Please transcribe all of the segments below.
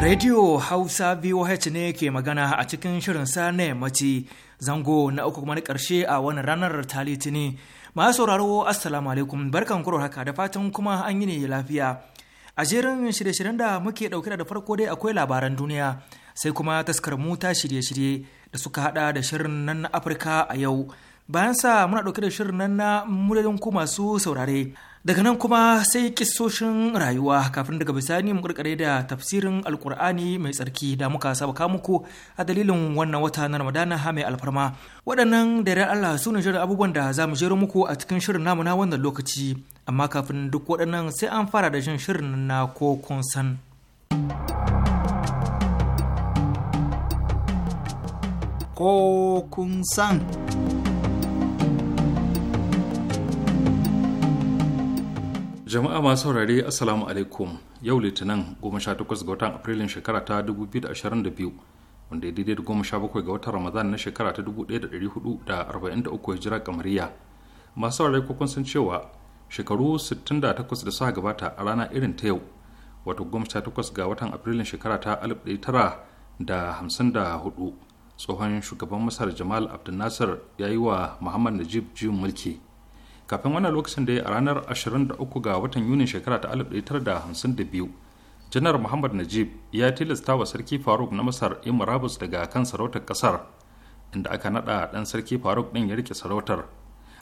Radio Hausa VOH ne ke magana a cikin shirin sa na yammaci zango na uku kuma na ƙarshe a wani ranar ta litini. Masu sauraro Assalamu alaikum barkan kuro haka da fatan kuma an yi ne lafiya. A jerin shirye-shiryen da muke ɗauke da farko dai akwai labaran duniya sai kuma taskar mu ta shirye-shirye da suka hada da shirin nan na Afirka a yau. Bayan sa muna ɗauke da shirin nan na muryoyin ku masu saurare. daga nan kuma sai kisoshin rayuwa kafin daga bisani mu karkare da tafsirin alkur'ani mai tsarki da muka sabaka muku a dalilin wannan wata na ramadana ha mai alfarma waɗannan da ran allah su ne shirin abubuwan da za mu shirin muku a cikin shirin namu na wannan lokaci amma kafin duk waɗannan sai an fara da jin shirin na ko san ko kun san jama'a masu saurare assalamu alaikum yau litinin 18 ga watan afrilun shekara ta 2022 wanda ya daidai da 17 ga watan ramadan na shekara ta 1443 hijira kamariya masu saurare kukun sun cewa shekaru 68 da suka gabata a rana irin ta yau wato 18 ga watan afrilun shekara ta 1954 tsohon shugaban masar jamal abdul nasir ya yi wa muhammad najib jin mulki kafin wannan lokacin da a ranar 23 ga watan yunin shekara ta 1952 janar muhammad najib ya tilasta wa sarki faruk na masar Marabus daga kan sarautar kasar inda aka nada dan sarki faruk din ya rike sarautar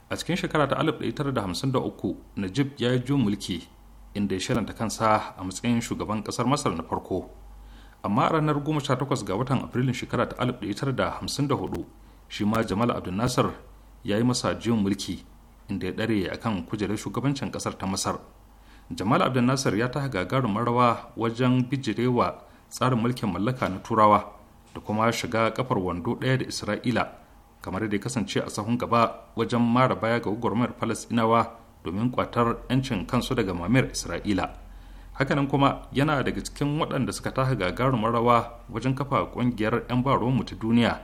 a cikin shekara ta 1953 najib ya yi mulki inda ya shiranta kansa a matsayin shugaban kasar masar na farko amma a ranar 18 ga watan afrilun shekara ta 1954 shi ma jamal abdul nasir ya yi masa juyin mulki inda ya ɗare a kan kujerar shugabancin ƙasar ta masar jamal abdul ya ta gagarumin rawa wajen bijirewa tsarin mulkin mallaka na turawa da kuma shiga kafar wando ɗaya da isra'ila kamar da ya kasance a sahun gaba wajen mara baya ga gwagwarmayar falastinawa domin kwatar 'yancin kansu daga mamir isra'ila hakanan kuma yana daga cikin waɗanda suka ta gagarumin rawa wajen kafa ƙungiyar 'yan mu ta duniya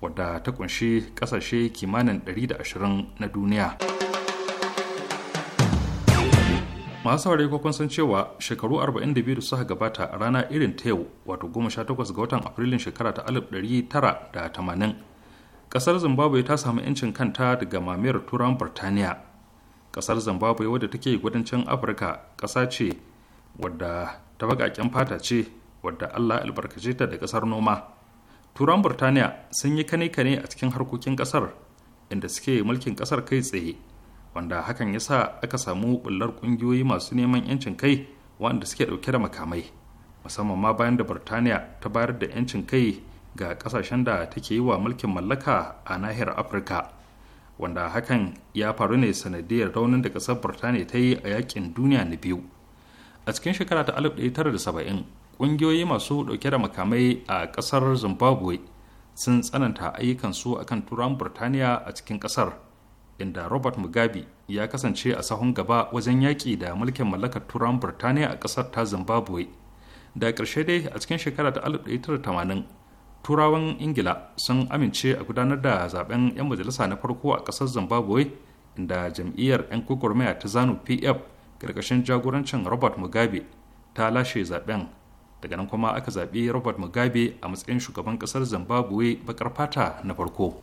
wadda ta kunshi ƙasashe kimanin 120 na duniya. masu saurari ko kun san cewa shekaru 42 da suka gabata a rana irin ta yau wato 18 ga watan afrilun shekara ta 1980 kasar zimbabwe ta samu 'yancin kanta daga mamayar turan birtaniya kasar zimbabwe wadda take gudancin afirka kasa ce wadda ta baƙaƙen fata ce wadda allah albarkace ta da kasar noma turan birtaniya sun yi kane-kane a cikin harkokin kasar inda suke mulkin kasar kai tsaye wanda hakan ya sa aka samu bullar kungiyoyi masu neman 'yancin kai waɗanda suke ɗauke da makamai musamman ma bayan da birtaniya ta bayar da 'yancin kai ga ƙasashen da take yi wa mulkin mallaka a nahiyar afirka wanda hakan ya faru ne sanadiyar raunin da ƙasar birtaniya ta yi a yakin duniya na biyu a cikin shekara ta 1970 ƙungiyoyi masu ɗauke da makamai a ƙasar zimbabwe sun tsananta ayyukansu akan turan birtaniya a cikin ƙasar inda robert mugabe ya kasance a sahun gaba wajen yaƙi da mulkin mallakar turan burtaniya a ƙasar ta zimbabwe da ƙarshe dai a cikin shekara ta 1980 turawan ingila sun amince a gudanar da zaben 'yan majalisa na farko a ƙasar zimbabwe inda jam'iyyar 'yan gwagwarmaya ta zanu pf ƙarƙashin jagorancin robert mugabe ta lashe zaben daga nan kuma aka zaɓi robert mugabe a matsayin shugaban ƙasar zimbabwe baƙar fata na farko.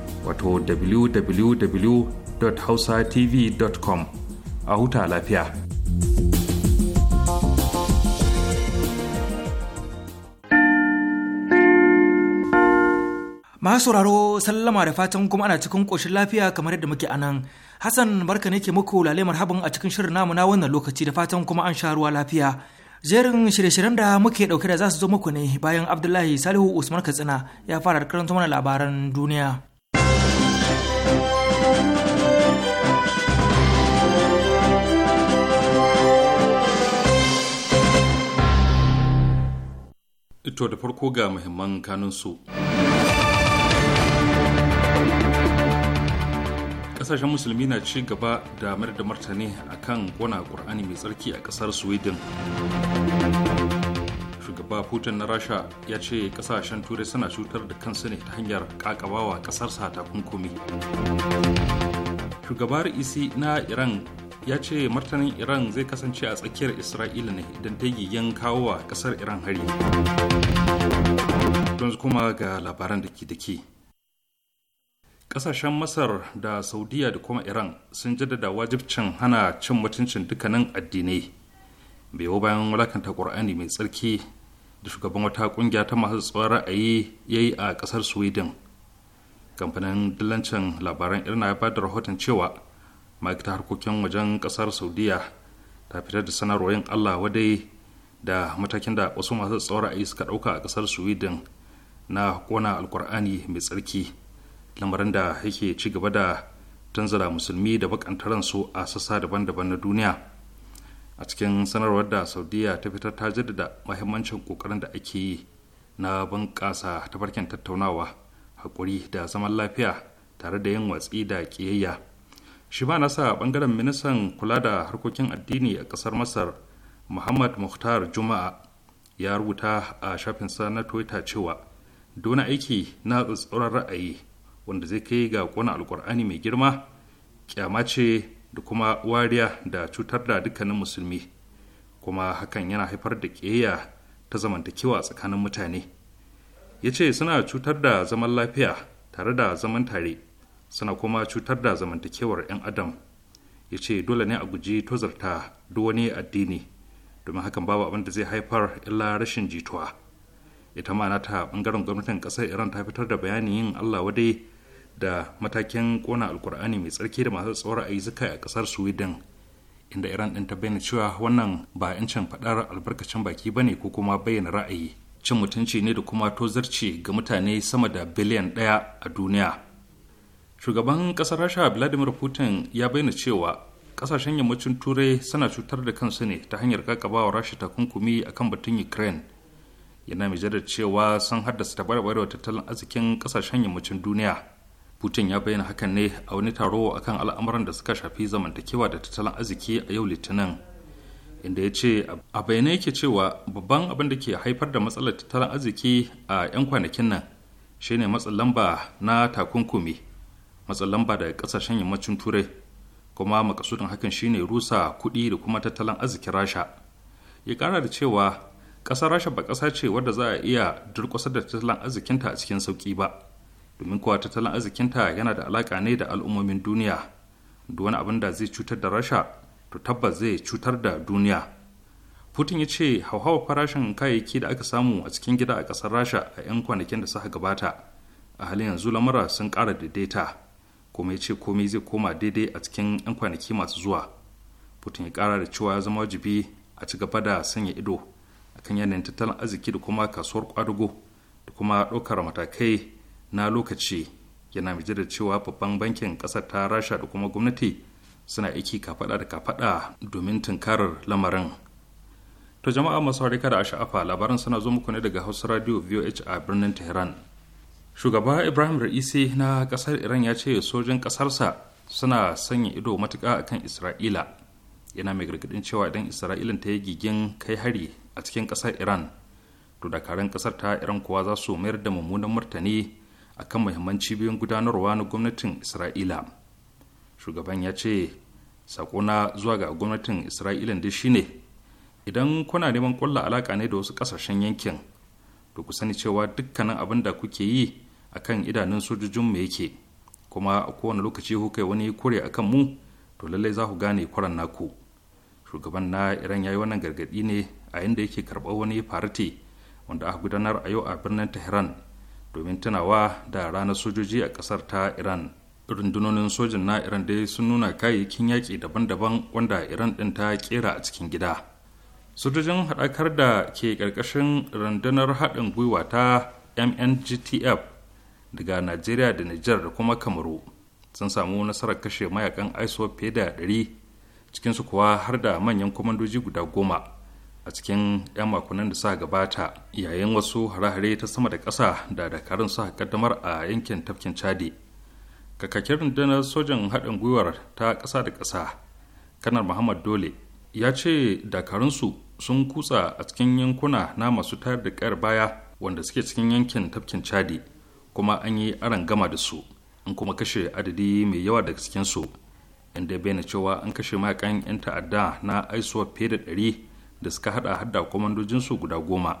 wato www.hausatv.com a huta lafiya. Masu sauraro sallama da fatan kuma ana cikin ƙoshin lafiya kamar yadda muke anan. Hassan barka ne ke muku lalemar marhaban a cikin shirin namu na wannan lokaci da fatan kuma an sha ruwa lafiya. Jerin shirye-shiryen da muke ɗauke da za su zo muku ne bayan Abdullahi Salihu Usman Katsina ya fara karanta mana labaran duniya. to da farko ga muhimman kanunsu. Kasashen musulmi na ci gaba da mayar da martani a kan gona ƙur'ani mai tsarki a ƙasar Sweden. Shugaba Putin na Rasha ya ce kasashen turai suna cutar da kansu ne ta hanyar ƙaƙabawa ƙasarsa takunkumi. Shugabar isi e na Iran ya ce martanin iran zai kasance a tsakiyar isra'ila ne don ta gigin kawo wa kasar iran hari yanzu kuma ga labaran da ke da kasashen masar da saudiya da kuma iran sun jaddada wajibcin hana cin mutuncin dukkanin addinai biyo bayan walakanta ƙur'ani mai tsarki da shugaban wata ƙungiya ta masu tsawon ra'ayi ya yi a ƙasar sweden kamfanin dillancin labaran na ya da rahoton cewa ma'aikatar harkokin wajen kasar saudiya ta fitar da sanarwar allah wadai da matakin da wasu masu tsaura'ayi suka ɗauka a kasar sweden na kona alkur'ani mai tsarki lamarin da yake ci gaba da tanzara musulmi da bakantaran su a sassa daban-daban na duniya a cikin sanarwar da saudiya ta fitar ta jaddada mahimmancin kokarin da ake yi na bunƙasa tafarkin tattaunawa haƙuri da zaman lafiya tare da yin watsi da ƙiyayya shi ma nasa bangaren ministan kula da harkokin addini a kasar masar muhammad muhtar juma'a ya rubuta a shafinsa na twitter cewa dona aiki na tsatsauran ra'ayi wanda zai kai ga kona alkur'ani mai girma kyama ce da kuma wariya da cutar da dukkanin musulmi kuma hakan yana haifar da ƙeya ta zamantakewa tsakanin mutane ya ce suna cutar da zaman lafiya tare da zaman tare suna kuma cutar da zamantakewar 'yan adam ya ce dole ne a guji tozarta duk wani addini domin hakan babu abin da zai haifar illa rashin jituwa ita ma nata bangaren gwamnatin kasar iran ta fitar da bayanin yin allah wadai da matakin kona alkur'ani mai tsarki da masu tsawar ayyuka a kasar sweden inda iran din ta bayyana cewa wannan ba 'yancin faɗar albarkacin baki ba ne ko kuma bayyana ra'ayi cin mutunci ne da kuma tozarci ga mutane sama da biliyan ɗaya a duniya shugaban kasar rasha vladimir putin ya bayyana cewa kasashen yammacin turai suna cutar da kansu ne ta hanyar kakabawa rasha takunkumi kan batun ukraine yana mai jaddada cewa sun haddasa tabarbarewar tattalin arzikin kasashen yammacin duniya putin ya bayyana hakan ne a wani taro akan al'amuran da suka shafi zamantakewa da tattalin arziki a yau litinin inda ya ce a bayanai yake cewa babban abin da ke haifar da matsalar tattalin arziki a 'yan kwanakin nan shine matsin lamba na takunkumi matsalan lamba daga kasashen yammacin turai kuma makasudin hakan shine rusa kuɗi da kuma tattalin arzikin rasha ya kara da cewa ƙasar rasha ba ƙasa ce wadda za a iya durƙusar da tattalin arzikinta a cikin sauƙi ba domin kuwa tattalin arzikinta yana da alaƙa ne da al'ummomin duniya da wani abin da zai cutar da rasha to tabbas zai cutar da duniya putin ya ce hauhawar farashin kayayyaki da aka samu a cikin gida a ƙasar rasha a 'yan kwanakin da suka gabata a halin yanzu lamura sun ƙara daidaita kuma ya ce komai zai koma daidai a cikin 'yan kwanaki masu zuwa putin ya kara da cewa ya zama wajibi a ci gaba da sanya ido a kan yanayin tattalin arziki da kuma kasuwar kwadugo da kuma ɗaukar matakai na lokaci yana mai da cewa babban bankin ƙasar ta rasha da kuma gwamnati suna aiki kafaɗa da kafaɗa domin tunkarar lamarin to jama'a masu harika da sha'afa labaran suna zo muku ne daga hausa radio voh a birnin tehran shugaba ibrahim ra'isi na kasar iran ya ce sojin kasarsa suna sanya ido matuka akan isra'ila yana mai gargadin cewa idan isra'ilan ta yi gigin kai hari a cikin kasar iran to dakarun kasar ta iran kuwa za su mayar da mummunan martani akan muhimman cibiyoyin gudanarwa na gwamnatin isra'ila shugaban ya ce na zuwa ga gwamnatin isra'ilan shi shine idan kuna neman kulla alaka ne da wasu kasashen yankin to ku sani cewa dukkanin abin da kuke yi a kan idanun sojojin mu yake kuma a kowane lokaci kuka wani kure kan mu to lallai za ku gane kuran naku shugaban na iran ya yi wannan gargadi ne a inda yake karɓar wani farati wanda aka gudanar a yau a birnin tehran domin tunawa da ranar sojoji a ƙasar ta iran rundunonin sojin na iran dai sun nuna kayayyakin yaƙi daban-daban wanda iran ɗin ta kera a cikin gida sojojin haɗakar da ke ƙarƙashin rundunar haɗin gwiwa ta mngtf daga najeriya da nijar da kuma kamaru sun samu nasarar kashe mayakan iso fiye da ɗari cikinsu kuwa har da manyan kwamandoji guda goma a cikin 'yan makonan da sa gabata yayin wasu hare-hare ta sama da ƙasa da dakarun suka kaddamar a yankin tafkin chadi kakakin rundunar sojan haɗin gwiwar ta ƙasa da ƙasa kanar muhammad dole ya ce dakarunsu sun kutsa a cikin yankuna na masu tayar da ƙayar baya wanda suke cikin yankin tafkin chadi kuma an yi aron gama da su an kuma kashe adadi mai yawa daga cikin su inda bayyana cewa an kashe mayakan 'yan ta'adda na aisuwa fiye da ɗari da suka hada hada kwamandojinsu guda goma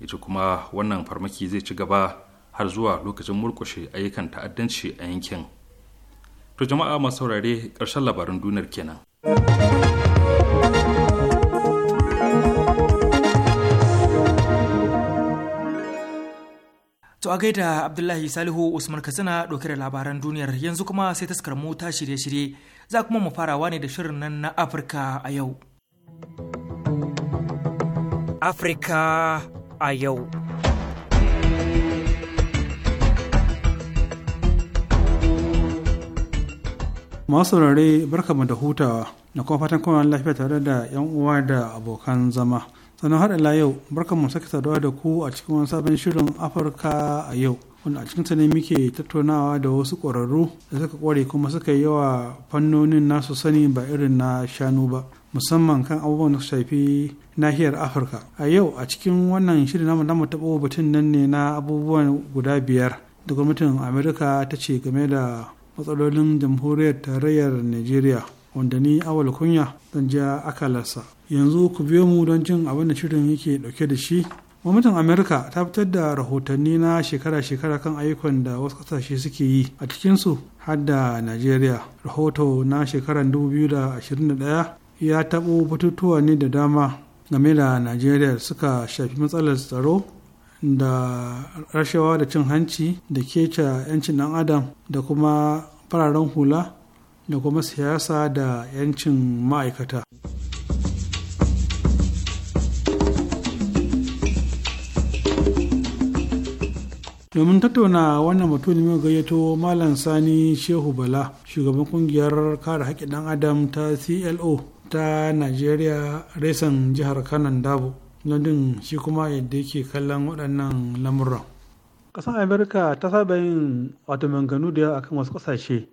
ita kuma wannan farmaki zai ci gaba har zuwa lokacin murkushe ayyukan ta'addanci a yankin to jama'a masu saurare ƙarshen labarin duniyar kenan. To a gaida Abdullahi Salihu Usman Katsina ɗauke da labaran duniyar yanzu kuma sai taskar mu ta shirye-shirye za kuma mu farawa ne da shirin nan na Afirka a yau. Afirka a yau. Masu rare barkamu da hutawa na kuma fatan kuma lafiya tare da 'yan uwa da abokan zama. sannan har ila yau barkan mu sake saduwa da ku a cikin wani sabon shirin afirka a yau wanda a cikinsa ne muke tattaunawa da wasu kwararru da suka kware kuma suka yi yawa fannonin nasu sani ba irin na shanu ba musamman kan abubuwan da shafi nahiyar afirka a yau a cikin wannan shirin namu namu taɓo batun nan ne na abubuwan guda biyar da gwamnatin amerika ta ce game da matsalolin jamhuriyar tarayyar nigeria wanda ni awal kunya zan ja akalarsa yanzu ku biyo mu don cin abin da shirin yake dauke da shi gwamnatin amerika ta fitar da rahotanni na shekara-shekara kan ayyukan da wasu kasashe suke yi a cikinsu har da nigeria rahoto na shekarar 2021 ya taɓo batutuwa ne da dama game da nigeria suka shafi matsalar tsaro da rashawa da cin hanci da keca 'yancin ɗan adam da kuma fararen hula da kuma siyasa da 'yancin ma'aikata domin tattauna wannan mutumin ne gayyato malam sani shehu bala shugaban kungiyar kare haƙƙin ɗan adam ta clo ta nigeria resan jihar kanan dabo london shi kuma yadda yake kallon waɗannan lamuran. ƙasar amerika ta saba yin wato manganu da yawa akan wasu ƙasashe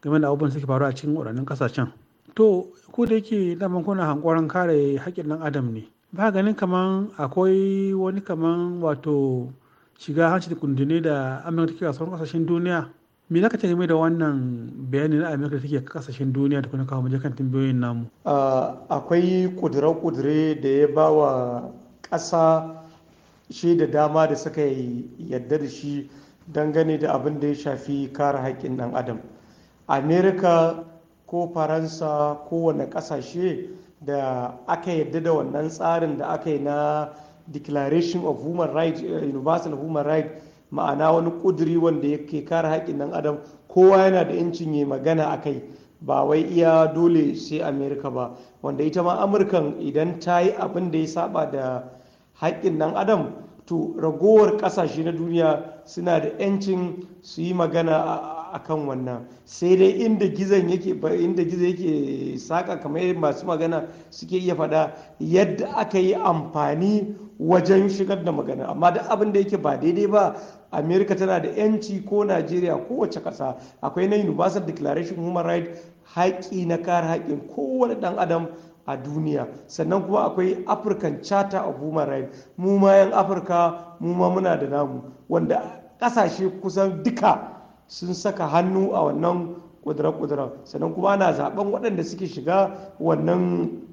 game da abubuwan suke faru a cikin waɗannan ƙasashen to ko da yake daman kuna hankoron kare haƙƙin ɗan adam ne ba ganin kaman akwai wani kaman wato shiga hanci da kundune da amurka take sauran kasashen duniya me za ka ce mai da wannan bayanin na amurka da take kasashen duniya da kuma kawo mu kan tambayoyin namu akwai kudura kudure da ya ba wa ƙasa shi da dama da suka yadda da shi dangane da abin da ya shafi kare haƙƙin ɗan adam amerika ko faransa kowane ƙasashe da aka yadda da wannan tsarin da aka yi na declaration of human rights uh, universal human right ma'ana wani kuduri wanda yake kare haƙƙin ɗan adam kowa yana da 'yancin yi magana a kai ba wai iya dole sai amerika ba wanda ita ma amurkan idan ta yi abin da ya saba da haƙƙin ɗan adam to ragowar ƙasashe na duniya suna da 'yancin su yi magana a kan wannan sai dai inda gizon yake inda gizo yake saka kamar masu magana suke iya faɗa yadda aka yi amfani wajen shigar da magana amma da abin da yake ba daidai ba amerika tana da yanci ko najeriya kowace ƙasa akwai na universal declaration human rights haƙƙi na kare haƙƙin kowane ɗan adam a duniya sannan kuma akwai african charter of human rights mu ma yan afirka mu ma muna da namu wanda ƙasashe kusan duka sun saka hannu a wannan kudura-kudura sannan kuma ana zaben waɗanda suke shiga wannan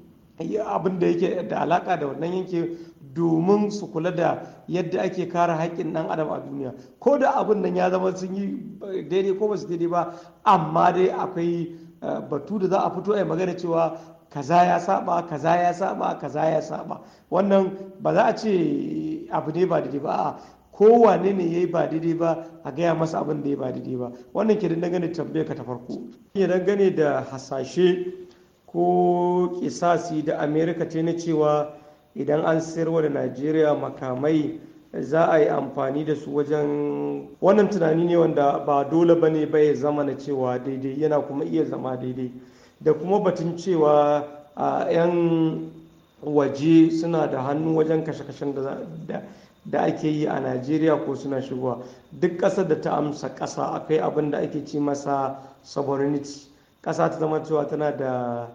abin da yake da alaka da wannan yanke domin su kula da yadda ake kare haƙƙin ɗan adam a duniya ko da abin nan ya zama sun yi daidai ko ba su daidai ba amma dai akwai eh, batu da za a fito a yi magana cewa kaza ya saba kaza ya saba kaza ya saba wannan ba za a ce abu ne ba daidai ba kowane ne ya yi ba daidai ba a gaya masa abin da ya ba daidai ba wannan ke dangane da tambayar ka ta farko dan gane da hasashe ko kisasi da amerika ce na cewa idan an sayarwa da najeriya makamai za a yi amfani da su wajen wannan tunani ne wanda ba dole ba ne ba ya zama na cewa daidai yana kuma iya zama daidai da kuma batun cewa a 'yan waje suna da hannu wajen kashe-kashen da da ake yi a najeriya ko suna shigowa duk ƙasar da ta amsa ƙasa akwai abin da ake ci masa sovereignty ƙasa ta zama cewa tana da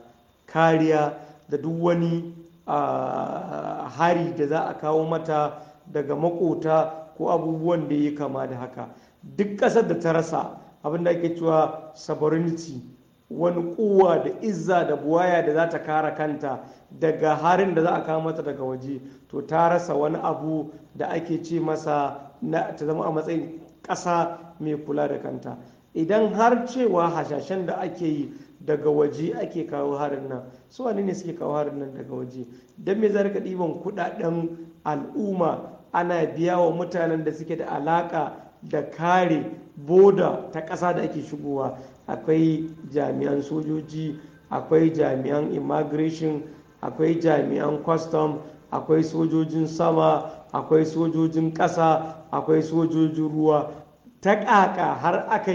kariya da duk wani hari da za a kawo mata daga makota ko abubuwan da ya kama da haka duk ƙasar da ta rasa abin da ake cewa sovereignty wani kuwa da izza da buwaya da za ta kara kanta daga harin da za a kawo mata daga waje to ta rasa wani abu da ake ce masa ta zama a matsayin ƙasa mai kula da kanta idan har cewa hashashen da ake yi daga waje ake kawo harin nan su wani ne suke kawo harin nan daga waje don me za ɗiban kuɗaɗen al'umma ana biya wa mutanen da suke da alaƙa da kare boda ta ƙasa da ake shigowa akwai jami'an sojoji akwai jami'an immigration akwai jami'an custom akwai sojojin sama akwai sojojin ƙasa akwai sojojin ruwa ta ƙaƙa har aka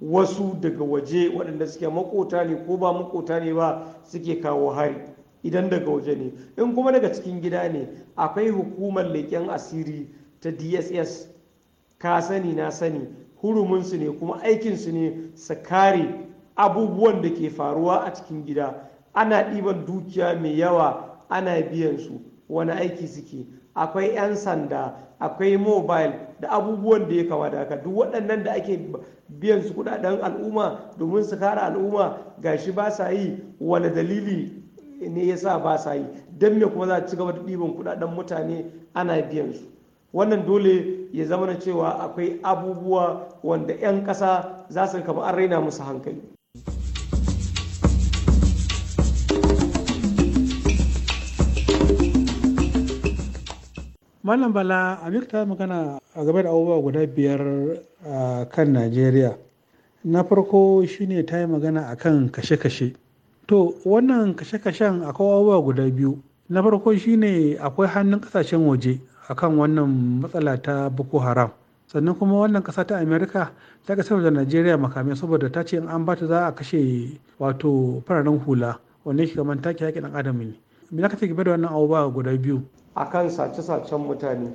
wasu daga waje waɗanda suke makota ne ko ba makota ne ba suke kawo hari idan daga waje ne in kuma daga cikin gida ne akwai hukumar leƙen asiri ta dss ka sani na sani huruminsu ne kuma aikinsu ne su kare abubuwan da ke faruwa a cikin gida ana ɗiban dukiya mai yawa ana biyan su wani aiki suke akwai 'yan sanda akwai mobile da abubuwan da ya kama da duk waɗannan da ake biyan su kudaden al'umma domin su kare al'umma gashi ba sa yi wani dalili ne ya sa ba sa yi don me kuma za a ci gaba da ɗiban kudaden mutane ana biyan su wannan dole ya zama na cewa akwai abubuwa wanda 'yan ƙasa za su kama an raina musu hankali malam bala amir ta magana a gaba da abubuwa guda biyar a kan najeriya na farko shine ta yi magana a kan kashe-kashe to wannan kashe-kashen akwai abubuwa guda biyu na farko shine akwai hannun kasashen waje akan wannan matsala ta boko haram sannan kuma wannan kasa ta america ta kasar da najeriya makamai saboda ta ce in an bata za a kashe wato fararen hula wanda yake kamar take yaƙi ɗan adam ne me na kasa da wannan abubuwa ba guda biyu a kan sace-sacen mutane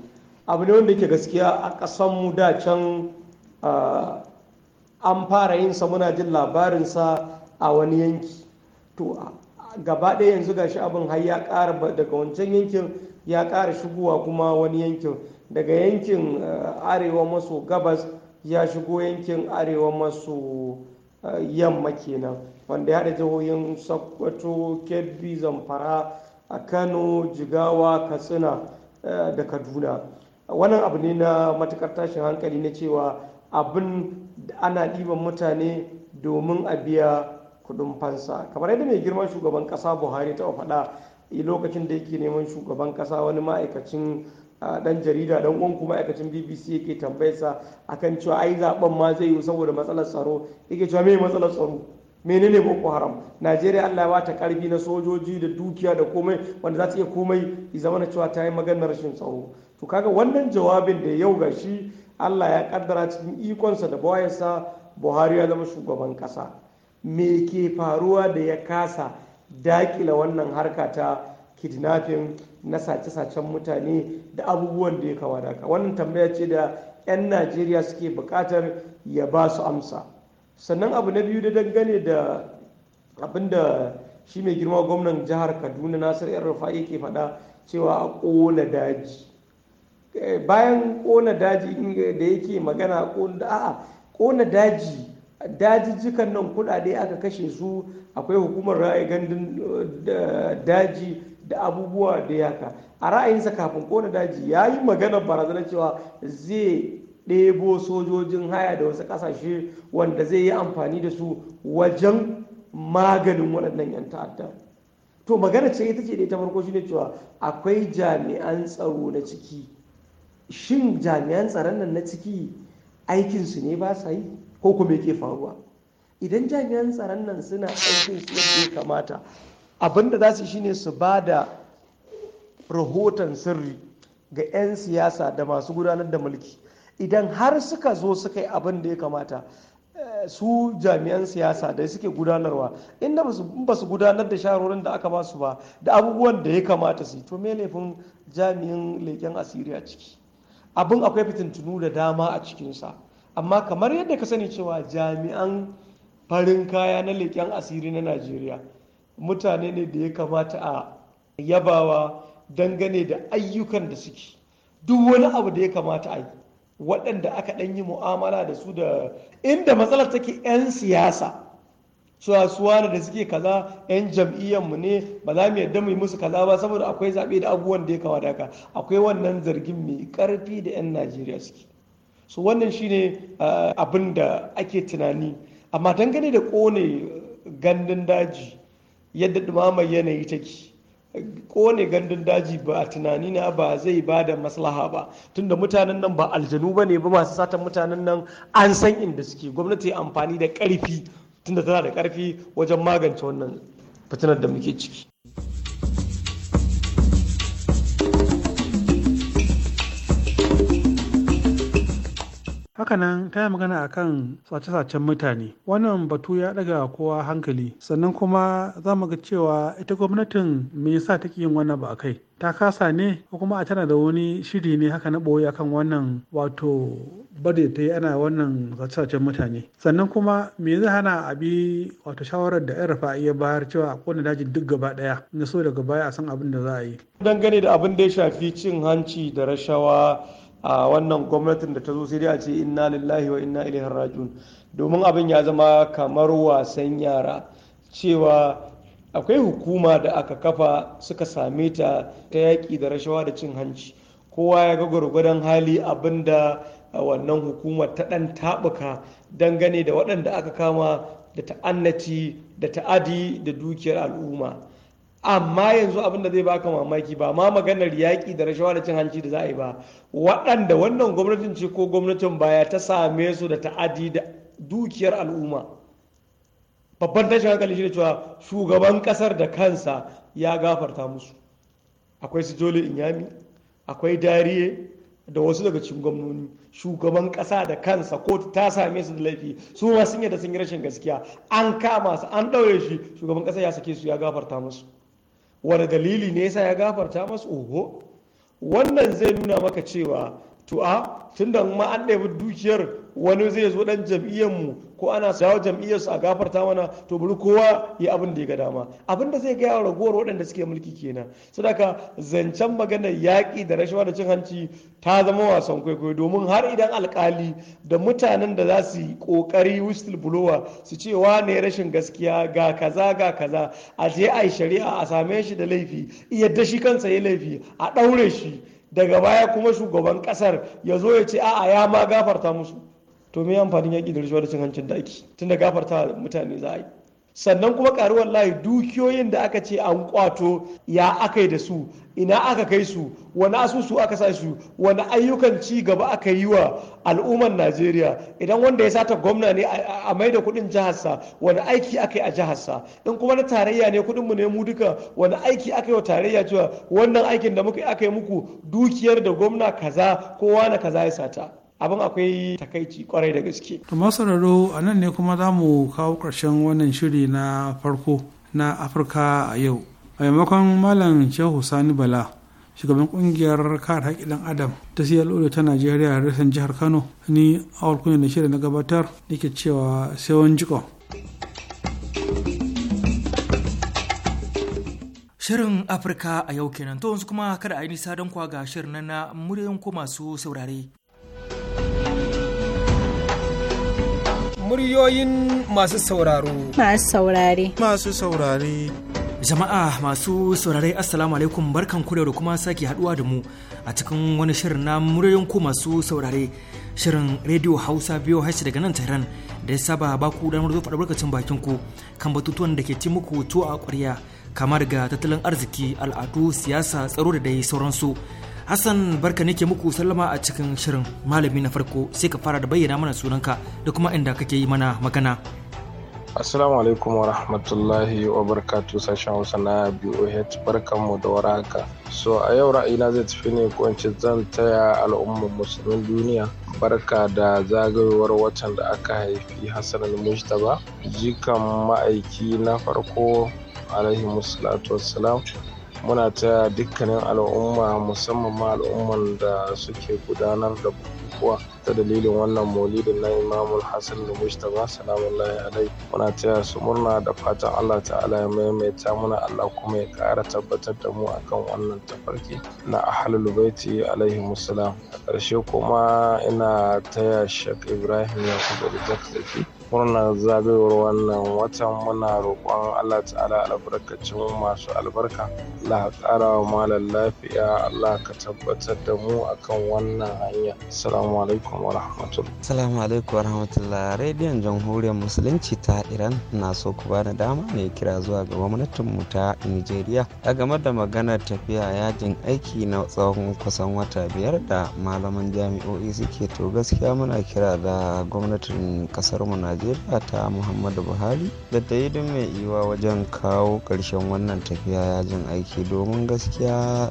abu ne wanda ke gaskiya a ƙasan mu da can an fara yin sa muna jin labarin sa a wani yanki to gaba ɗaya yanzu gashi abin har ya ƙara daga wancan yankin ya ƙara shigowa kuma wani yankin daga yankin eh, arewa maso gabas ya shigo yankin arewa maso eh, yamma kenan wanda ya haɗa jihohin sokoto kebbi zamfara a kano jigawa katsina eh, da kaduna wannan abu ne na matukar tashin hankali na cewa abin ana ɗiban mutane domin a biya kuɗin fansa kamar yadda mai girman shugaban ƙasa buhari ta faɗa lokacin da yake neman shugaban kasa wani ma'aikacin dan jarida dan uwan kuma ma'aikacin bbc yake tambayarsa akan cewa ai zaben ma zai yi saboda matsalar tsaro yake cewa me matsalar tsaro menene boko haram najeriya allah ya bata karfi na sojoji da dukiya da komai wanda za ta iya komai zama na cewa ta yi maganar rashin tsaro to kaga wannan jawabin da yau ga shi allah ya kaddara cikin ikonsa da bayansa buhari ya zama shugaban kasa me ke faruwa da ya kasa dakila wannan harka ta kidnapping na sace-sacen mutane da abubuwan da ya kawo ka. wannan tambaya ce da 'yan najeriya suke bukatar ya ba su amsa sannan abu na biyu da dangane da abin da shi mai girma gwamnan jihar kaduna nasir yan rufa'i ke faɗa cewa a kona daji eh, bayan kona daji eh, da yake magana a kona daji dajijjikan nan kudade aka kashe su akwai hukumar ra'ayi gandun daji da abubuwa da yaka a ra'ayinsa kafin kona daji ya yi magana barazanar cewa zai ɗebo sojojin haya da wasu ƙasashe wanda zai yi amfani da su wajen maganin waɗannan 'yan ta'adda to magana ce ita ce da ita farko shine cewa akwai jami'an tsaro na ciki shin jami'an tsaron nan na ciki aikinsu ne ba sa yi ko kuma yake faruwa idan jami'an tsaron nan suna aikin su yadda ya kamata abinda za su shine su ba da rahoton sirri ga 'yan siyasa da masu gudanar da mulki idan har suka zo suka yi abin da ya kamata eh, su jami'an siyasa da suke gudanarwa inda ba su gudanar da shawarorin da aka ba su ba da abubuwan da ya kamata su to me laifin jami'in leƙen asiri a ciki abin akwai fitintunu da dama a cikinsa amma kamar yadda ka sani cewa jami'an farin kaya na leƙen asiri na najeriya mutane ne da ya kamata a yabawa dangane da ayyukan da suke duk wani abu da ya kamata a yi waɗanda aka ɗan yi mu'amala da su da inda matsalar take 'yan siyasa suwa da suke kaza 'yan jam'iyyarmu ne ba za mu yadda mu yi musu kaza ba saboda akwai zaɓe da abubuwan da ya kawo ka akwai wannan zargin mai ƙarfi da 'yan najeriya suke so wannan shine uh, abin da ake tunani amma dangane da kone uh, gandun daji yadda dumamar yanayi take kone gandun daji ba tunani na ba zai ba da maslaha ba tunda mutanen nan ba aljanu ba ne ba masu satan mutanen nan an san inda suke gwamnati amfani da karfi tunda tana da karfi wajen magance wannan fitinar da muke ciki hakanan ta yi magana akan sace-sacen mutane wannan batu ya daga kowa hankali sannan kuma za mu ga cewa ita gwamnatin me yasa take yin wannan ba a kai ta kasa ne ko kuma a tana da wani shiri ne haka na ɓoye akan wannan wato bade ta yi ana wannan sace-sacen mutane sannan kuma me zai hana a bi wato shawarar da fa'a iya bayar cewa a kona daji duk gaba daya na so daga baya a san abin da za a yi dangane da abin da ya shafi cin hanci da rashawa a wannan gwamnatin da ta zo sai dai a ce inna lillahi wa inna ilaihi rajiun domin abin ya zama kamar wasan yara cewa akwai hukuma da aka kafa suka same ta ta yaƙi da rashawa da cin hanci kowa ya ga gwargwadon hali abinda wannan hukuma ta ɗan taɓuka dangane da waɗanda aka kama da ta'annaci da ta'adi da dukiyar al'umma amma yanzu abin da zai baka mamaki ba ma maganar yaƙi da rashawa da cin hanci da za a yi ba waɗanda wannan gwamnatin ce ko gwamnatin baya ta same su da ta'adi da dukiyar al'umma babban tashin hankali shi da cewa shugaban ƙasar da kansa ya gafarta musu akwai su jole inyami akwai dariye da wasu daga cikin gwamnoni shugaban kasa da kansa ko ta same su da laifi su ma sun da sun yi rashin gaskiya an kama su an ɗaure shi shugaban kasa ya sake su ya gafarta musu wani dalili ne yasa ya gafarta masu oho wannan zai nuna maka cewa to a tunda ma an ɗaya dukiyar wani zai zo ɗan jam'iyyar mu ko ana sayawa jam'iyyar su a gafarta mana to bari kowa ya abin da ya ga dama abin da zai gaya wa ragowar waɗanda suke mulki kenan sadaka zancen maganar yaƙi da rashawa da cin hanci ta zama wasan kwaikwayo domin har idan alkali da mutanen da za su yi ƙoƙari whistle blower su ce ne rashin gaskiya ga kaza ga kaza a je a yi shari'a a same shi da laifi yadda shi kansa ya laifi a ɗaure shi daga baya kuma shugaban kasar ya zo ya ce a'a ya ma gafarta musu to me amfanin yaƙi da rashawa da cin hancin daki tunda gafarta mutane za a yi sannan kuma karuwar layi dukiyoyin da aka ce an kwato ya aka yi da su ina aka kai su wani asusu aka sa su wani ayyukan ci gaba aka yi wa al'ummar najeriya idan wanda ya sata gwamna ne a mai da kudin jiharsa wani aiki aka yi a jiharsa in kuma na tarayya ne kudin mu ne mu duka wani aiki aka yi wa tarayya cewa wannan aikin da muka yi aka yi muku dukiyar da gwamna kaza kowa na kaza ya sata abin akwai takaici kwarai da gaske. To masararo a nan ne kuma za mu kawo ƙarshen wannan shiri na farko na Afirka a yau. A maimakon Malam Shehu Sani Bala, shugaban kungiyar kare haƙƙin adam ta CLO ta Najeriya rasan jihar Kano, ni a kunya da shirin na gabatar nake cewa sai wani jiko. Shirin Afirka a yau kenan to yanzu kuma kada a yi nisa don kwa ga shirin na muryoyin ko masu saurare. Muryoyin masu sauraro. Masu saurare. Masu saurare. Jama'a masu saurare Assalamu alaikum barkan ku da kuma sake haduwa da mu a cikin wani shirin na muryoyin ku masu saurare. Shirin Radio Hausa biyo hashi daga nan Tehran da ya saba baku damar zo bakin ku kan batutuwan da ke ci muku tuwo a kwarya kamar ga tattalin arziki, al'adu, siyasa, tsaro da dai sauransu. Hassan barka ne ke muku sallama a cikin shirin malami na farko sai ka fara da bayyana mana sunanka da kuma inda kake yi mana magana. Assalamu alaikum wa rahmatullahi wa barkatu sashen Hausa na BOH barkanmu da haka So a yau ra'ayina zai tafi ne ko zan taya al'ummar musulmin duniya barka da zagayowar watan da aka haifi Hassan al jikan ma'aiki na farko alaihi wassalam muna taya dukkanin al'umma musamman ma al'umman da suke gudanar da bukukuwa ta dalilin wannan maulidin na imamul hassan da mustapha salamun alai muna taya su murna da fatan allah ta'ala ya maimaita muna allah kuma ya kara tabbatar da mu akan wannan tafarki na ahalul baiti alaihi musulam a ƙarshe kuma ina taya shek ibrahim ya kuma da zafi murna zagayowar wannan watan muna roƙon allah ta'ala albarkacin masu albarka allah ƙara wa malam lafiya allah ka tabbatar da mu akan wannan hanya assalamu alaikum wa rahmatullah assalamu alaikum wa rahmatullah rediyon jamhuriyar musulunci ta iran na so ku bada dama ne kira zuwa ga gwamnatinmu ta nigeria a game da maganar tafiya yajin aiki na tsawon kusan wata biyar da malaman jami'o'i suke to gaskiya muna kira da gwamnatin kasarmu na najeriya ta muhammadu buhari da ta yi don mai iwa wajen kawo ƙarshen wannan tafiya yajin aiki domin gaskiya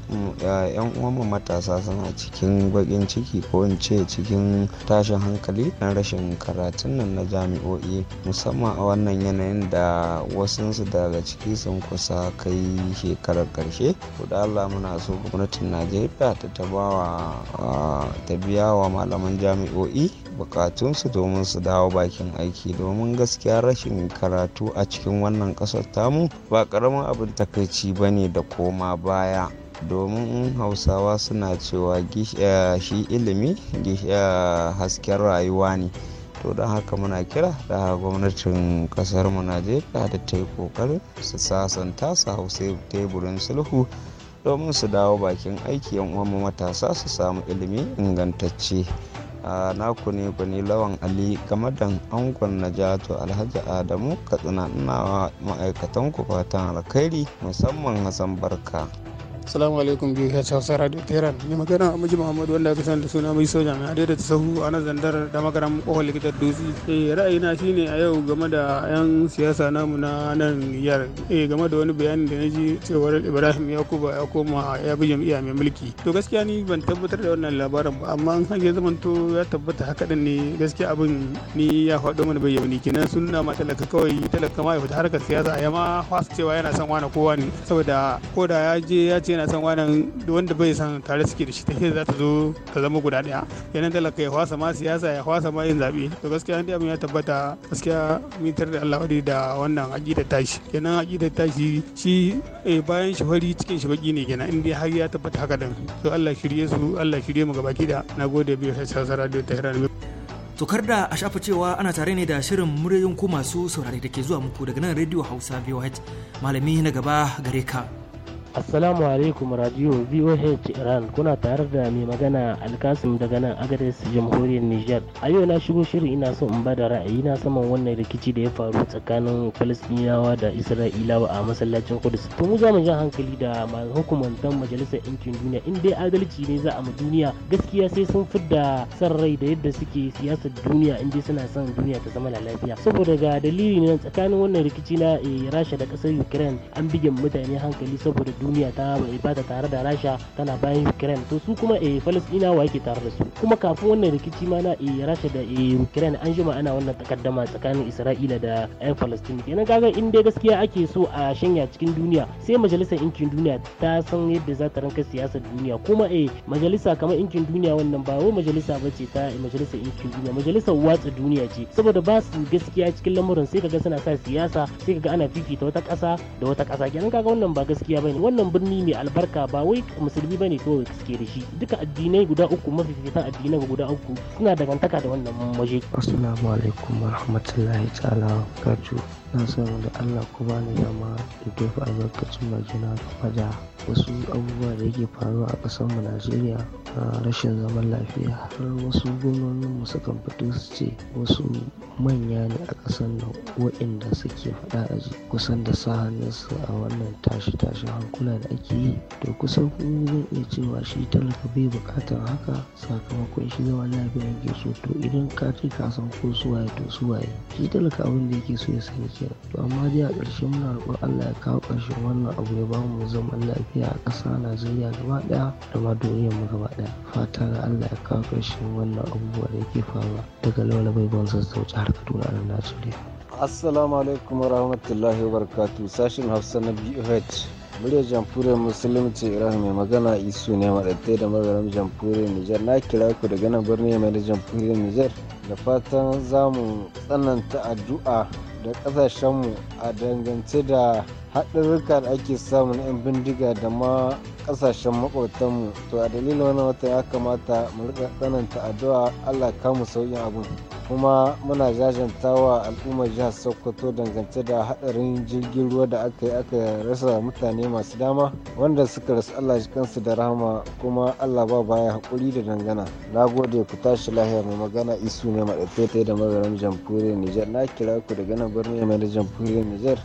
yan uwanmu matasa suna cikin baƙin ciki ko in ce cikin tashin hankali na rashin karatun nan na jami'o'i musamman a wannan yanayin da wasunsu daga ciki sun kusa kai shekarar ƙarshe da allah muna so gwamnatin najeriya ta ta biya wa malaman jami'o'i bukatunsu domin su dawo bakin aiki domin gaskiya rashin karatu a cikin wannan kasar tamu ba karamin abin takaici ba ne da koma baya domin hausawa suna cewa eh, shi ilimi eh, hasken rayuwa ne to don haka muna kira da gwamnatin mu najeriya da ta yi kokarin su sasanta su hausa teburin sulhu domin su dawo bakin aiki yan uwan matasa su samu ilimi ingantacce a naku ne gwani lawan ali game da angon najatu alhaji adamu katsina ina ma'aikatan ku fatan alkhairi musamman hasan barka salamu alaikum biyu ya Hausa Radio teran Ni magana Miji Muhammadu wanda aka sanar da suna mai soja mai adai da ta sahu a nan zandar da magaram kohon likitar dutse. Eh ra'ayina shine a yau game da 'yan siyasa namu na nan yar. Eh game da wani bayani da naji ji cewar Ibrahim Yakuba ya koma ya bi jam'iyya mai mulki. To gaskiya ni ban tabbatar da wannan labarin ba amma an hanyar zaman to ya tabbata haka din ne gaskiya abin ni ya faɗo mana bai yauni kenan sunna ma talaka kawai talaka ma ya fita harkar siyasa a yama fasa cewa yana son wani kowa ne saboda ko da ya je ya ce yana son wannan wanda bai san tare suke da shi ta za ta zo ta zama guda daya yanan talaka ya fasa ma siyasa ya fasa ma yin zabe to gaskiya inda abin ya tabbata gaskiya mitar da Allah da wannan aqidar tashi kenan aqidar tashi shi eh, bayan shi fari cikin shi baki ne kenan inda har ya tabbata haka din to Allah shirye su Allah shirye mu gaba kida nagode biyu sassa radio Tehran Tokar da a shafa cewa ana tare ne da shirin muryoyin ku masu saurare da ke zuwa muku daga nan Radio Hausa VOH. Malami na gaba gare ka. Assalamu alaikum radio VOH Iran kuna tare da mai magana Alkasim daga nan Agadez Jamhuriyar Nijar. A yau na shigo shirin ina so in bada ra'ayi na saman wannan rikici da ya faru tsakanin Falasɗinawa da Isra'ilawa a masallacin Kudus. To mu za mu hankali da hukumantan majalisar ɗinkin duniya in dai adalci ne za a mu duniya gaskiya sai sun fidda san rai da yadda suke siyasar duniya in dai suna son duniya ta zama lafiya. Saboda ga dalili ne tsakanin wannan rikici na eh, Rasha da ƙasar Ukraine an bige mutane hankali saboda duniya duniya ta ba ta tare da rasha tana bayan ukraine to su kuma eh wa yake tare da su kuma kafin wannan rikici ma na eh rasha da eh ukraine an jima ana wannan takaddama tsakanin isra'ila da yan falastin kenan kaga in dai gaskiya ake so a shanya cikin duniya sai majalisar inkin duniya ta san yadda za ta ranka siyasar duniya kuma eh majalisa kamar inkin duniya wannan ba wai majalisa ba ce ta majalisar inkin duniya majalisar watsa duniya ce saboda ba su gaskiya cikin lamurin sai kaga suna sa siyasa sai kaga ana fifita wata kasa da wata ƙasa kenan kaga wannan ba gaskiya bane wannan birni mai albarka ba wai musulmi bane kawai suke da shi duka addinai guda uku Mafi mafifitan addinai guda uku suna dangantaka da wannan waje assalamu alaikum warahmatullahi ta'ala na san da Allah ku bani zama da tofa albarkacin majina game da wasu abubuwa da yake faruwa a ƙasar mu Najeriya a rashin zaman lafiya har wasu gwamnonin mu sukan fito su ce wasu manya ne a ƙasar nan waɗanda suke faɗa a ji kusan da sa hannunsu a wannan tashi tashen hankula da ake yi to kusan kuma zan iya cewa shi talaka bai buƙatar haka sakamakon shi zama lafiya yake so to idan ka ce ka san ko suwaye to suwaye shi talaka abin da yake so ya sani kenan to amma dai a ƙarshen muna roƙon Allah ya kawo ƙarshen wannan abu ya bamu zaman lafiya a ƙasa Najeriya gaba ɗaya da ma duniyar mu gaba ɗaya fata ga Allah ya kawo ƙarshen wannan abubuwa da yake faruwa daga lawal bai ban sassauci har Kaduna a Najeriya. Assalamu alaikum wa rahmatullahi wa sashin Hausa na BOH muryar musulunci iran mai magana isu ne maɗaɗai da magaram jamhuriyar nijar na kira ku daga nan birni mai da jamhuriyar nijar da fatan za mu tsananta addu'a da mu a dangance da haɗarurruka da ake samu na 'yan bindiga da ma ƙasashen maƙwabtanmu to a dalilin wannan wata ya kamata mu riƙa tsananta addu'a allah kamu sauƙin abin kuma muna jajantawa al'ummar jihar sokoto dangance da haɗarin jirgin ruwa da aka yi aka rasa mutane masu dama wanda suka rasu allah shi kansu da rahama kuma allah ba baya haƙuri da dangana na gode ku tashi lahiya mai magana isu ne maɗafe da magaran jamhuriyar nijar na kira ku daga nan birnin mai da jamhuriyar nijar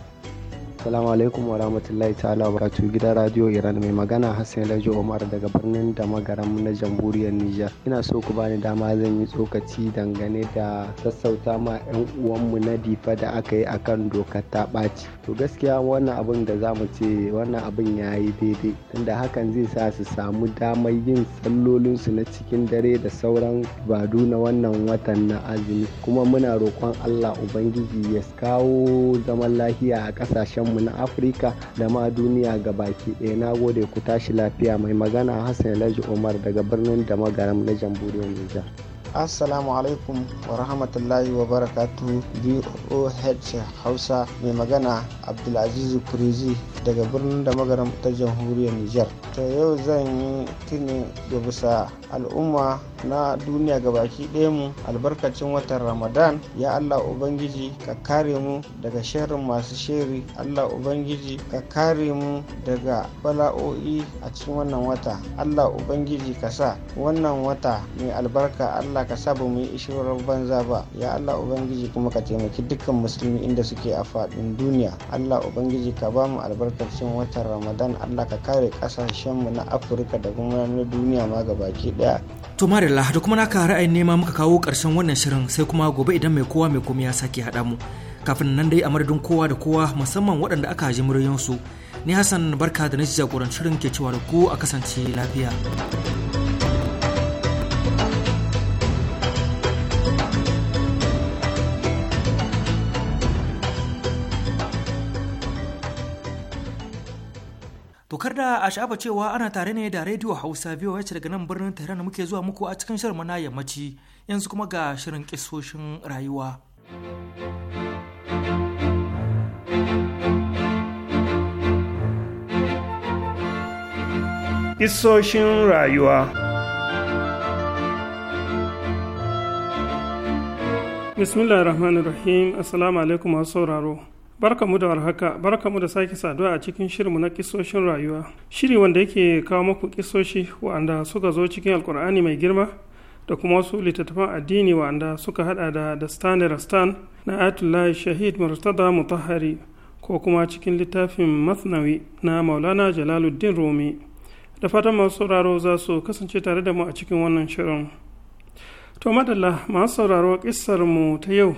Assalamu alaikum wa rahmatullahi ta'ala wa gidan Radio Iran mai magana Hassan Lajo Umar daga birnin da magaram na jamhuriyar Nijar. Ina so ku bani dama zan yi tsokaci dangane da sassauta ma 'yan uwanmu na difa da aka yi akan dokar ta ɓaci. To gaskiya wannan abin da za mu ce wannan abin ya yi daidai tunda hakan zai sa su samu damar yin sallolinsu na cikin dare da sauran ibadu na wannan watan na azumi kuma muna roƙon Allah Ubangiji ya kawo zaman lafiya a ƙasashen mu na afirka da ma duniya ga baki ɗaya na gode ku tashi lafiya mai magana hassan alhaji umar daga birnin da magaram na jamhuriyar nijar Assalamu alaikum wa rahmatullahi wa barakatu BOH Hausa mai magana Abdulaziz Kurizi daga birnin da magaram ta jamhuriyar Nijar. ta yau zan yi tuni da bisa al'umma na duniya ga baki ɗaya mu albarkacin watan ramadan ya allah ubangiji ka kare mu daga sharrin masu sheri allah ubangiji ka kare mu daga bala'o'i a cikin wannan wata allah ubangiji ka sa wannan wata mai albarka allah ka sa ba mu yi ishirar banza ba ya allah ubangiji kuma ka taimaki dukkan musulmi inda suke a faɗin duniya allah ubangiji ka ba mu albarkacin watan ramadan allah ka kare ƙasashenmu na afirka da kuma na duniya ma ga baki ɗaya daya to marilla da kuma naka ra'ayin nema muka kawo karshen wannan shirin sai kuma gobe idan mai kowa mai komai ya sake haɗa mu kafin nan dai a madadin kowa da kowa musamman waɗanda aka ji muryoyinsu ni hassan barka da na jagorancin shirin ke cewa da ku a kasance lafiya tokar da a sha'afa cewa ana tare ne da rediyo hausa biyu wacce daga nan birnin tehran muke zuwa muku a cikin shirin mana yammaci yanzu kuma ga shirin kisoshin rayuwa Isoshin rayuwa Bismillahirrahmanirrahim Assalamu alaikum sauraro Barka mu da warhaka, mu da sake saduwa a cikin shirinmu na kisoshin rayuwa. Shiri wanda yake kawo maku kisoshi wa'anda suka zo cikin Alkur'ani mai girma da kuma wasu littattafan addini wa'anda suka hada da Dastani Rastan na Atullah Shahid Murtada Mutahari ko kuma cikin littafin Masnawi na Maulana Jalaluddin Rumi. Da fatan masu sauraro za su kasance tare da mu a cikin wannan shirin. To madalla masu sauraro mu ta yau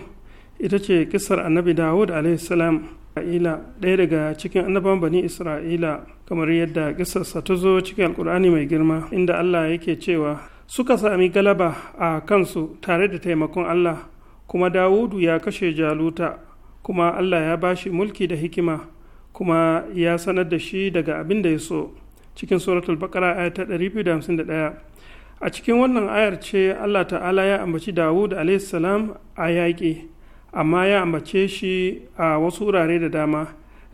ita ce kisar annabi dawud alaihissalam isra'ila ɗaya daga cikin annaban bani isra'ila kamar yadda kisarsa ta zo cikin alkur'ani mai girma inda allah yake cewa suka sami galaba a kansu tare da taimakon allah kuma dawudu ya kashe jaluta kuma allah ya bashi mulki da hikima kuma ya sanar da shi daga abin da ya so cikin suratul bakara aya ta 251 a cikin wannan ayar ce allah ta'ala ya ambaci dawud alaihissalam a yaƙi amma ya ambace shi a wasu wurare da dama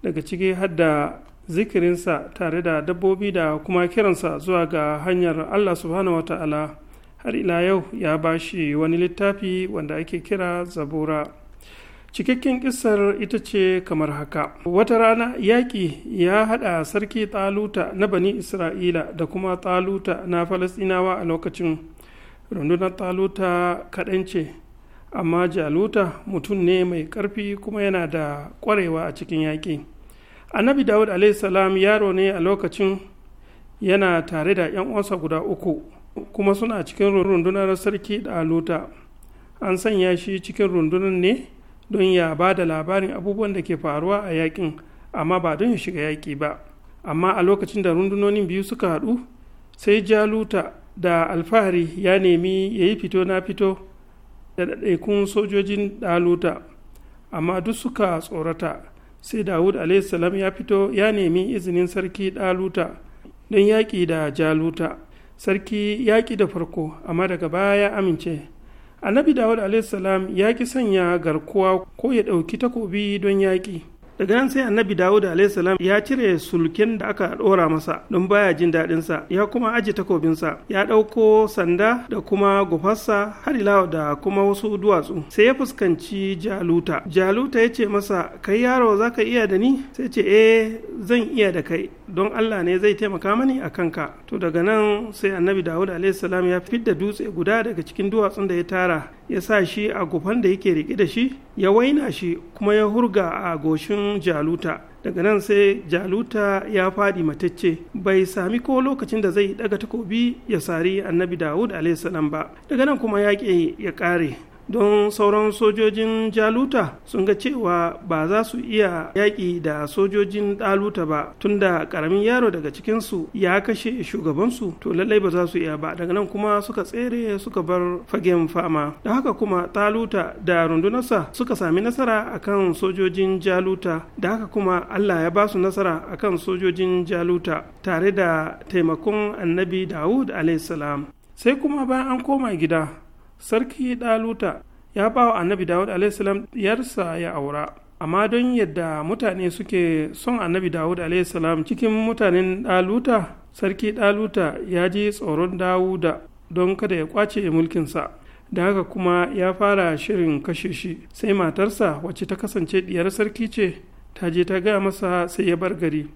daga ciki hadda zikirinsa tare da dabbobi da kuma kiransa zuwa ga hanyar allah subhanahu wa ta'ala har ila yau ya ba shi wani littafi wanda ake kira zabura cikakken kisar ita ce kamar haka wata rana yaƙi ya haɗa sarki taluta na bani isra'ila da kuma taluta na falasɗinawa a lokacin rundunar taluta kaɗan ce amma jaluta mutum ne mai ƙarfi kuma yana da ƙwarewa a cikin yaƙi annabi dawud salam yaro ne a lokacin yana tare da 'yan uwansa guda uku kuma suna cikin rundunar sarki da aluta an sanya shi cikin rundunar ne don ya ba da labarin abubuwan da ke faruwa a yaƙin amma ba don ya shiga yaƙi ba amma a lokacin da rundunonin biyu suka haɗu sai jaluta da alfahari ya nemi ya yi fito na fito da ɗaiɗaikun sojojin ɗaluta amma duk suka tsorata sai dawud salam ya fito ya nemi izinin sarki ɗaluta don yaƙi da jaluta sarki yaƙi da farko amma daga baya ya amince annabi dawud salam ya ƙi sanya garkuwa ko ya ɗauki takobi don yaƙi daga nan sai annabi dawud alaihissalam ya cire sulkin da aka ɗora masa don baya jin daɗin ya kuma aje takobinsa ya ɗauko sanda da kuma gufarsa har ila da kuma wasu duwatsu sai ya fuskanci jaluta jaluta ya ce masa kai yaro za ka iya da ni sai ce eh zan iya da kai don allah ne zai taimaka mani a kanka to daga nan sai annabi dawud alaihissalam ya fidda dutse guda daga cikin duwatsun da ya tara ya sa shi a gufan da yake rike da shi ya waina shi kuma ya hurga a goshin jaluta daga nan sai jaluta ya fadi matacce bai sami ko lokacin da zai daga takobi ya sari annabi dawud salam ba daga nan kuma yaƙi ya ƙare don sauran sojojin jaluta sun ga cewa ba za su iya yaƙi da sojojin ɗaluta ba tunda ƙaramin yaro daga cikinsu ya kashe shugabansu to lallai ba za su iya ba daga nan kuma suka tsere suka bar fagen fama da haka kuma ɗaluta da rundunarsa suka sami nasara akan sojojin jaluta da haka kuma allah ya ba su nasara akan sojojin jaluta tare da taimakon annabi dawud alaihissalam sai kuma bayan an koma gida sarki daluta ya ba wa annabi dawud alaihissalam yarsa ya aura amma don yadda mutane suke son annabi dawud alaihissalam cikin mutanen daluta sarki daluta ya ji tsoron dawuda don kada ya kwace mulkinsa da haka kuma ya fara shirin kashe shi sai matarsa wacce ta kasance diyar sarki ce ta je ta gaya masa sai ya bar gari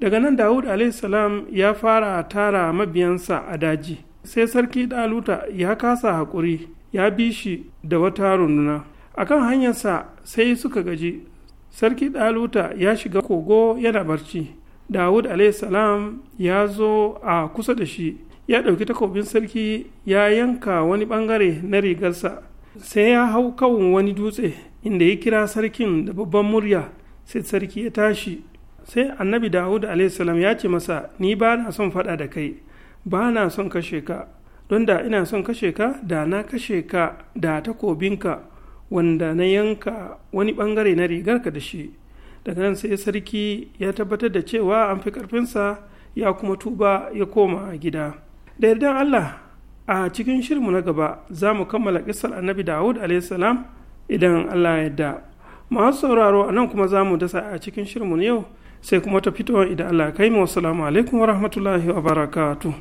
daga nan dawud salam ya fara tara mabiyansa a daji sai sarki Daluta ya kasa haƙuri ya bi shi da wata runduna akan hanyarsa sai suka gaji sarki Daluta ya shiga kogo yana barci dawud salam ya zo a kusa da shi ya ɗauki takobin sarki ya yanka wani ɓangare na rigarsa sai ya hau kawun wani dutse inda ya kira sarkin da babban murya sai sarki ya tashi sai annabi dawud salam ya ce masa ni ba na son faɗa da kai ba na son kashe ka don da ina son kashe ka da na kashe ka da takobinka wanda na yanka wani bangare na rigarka da shi daga nan sai sarki ya tabbatar da cewa an fi karfinsa ya kuma tuba ya koma gida da yardan allah a cikin shirmu na gaba za mu kammala kisar annabi dawud salam idan allah ya yarda masu sauraro a nan kuma za mu dasa a cikin na yau sai kuma ta fito idan Allah kai mu assalamu alaikum wa rahmatullahi wa barakatuh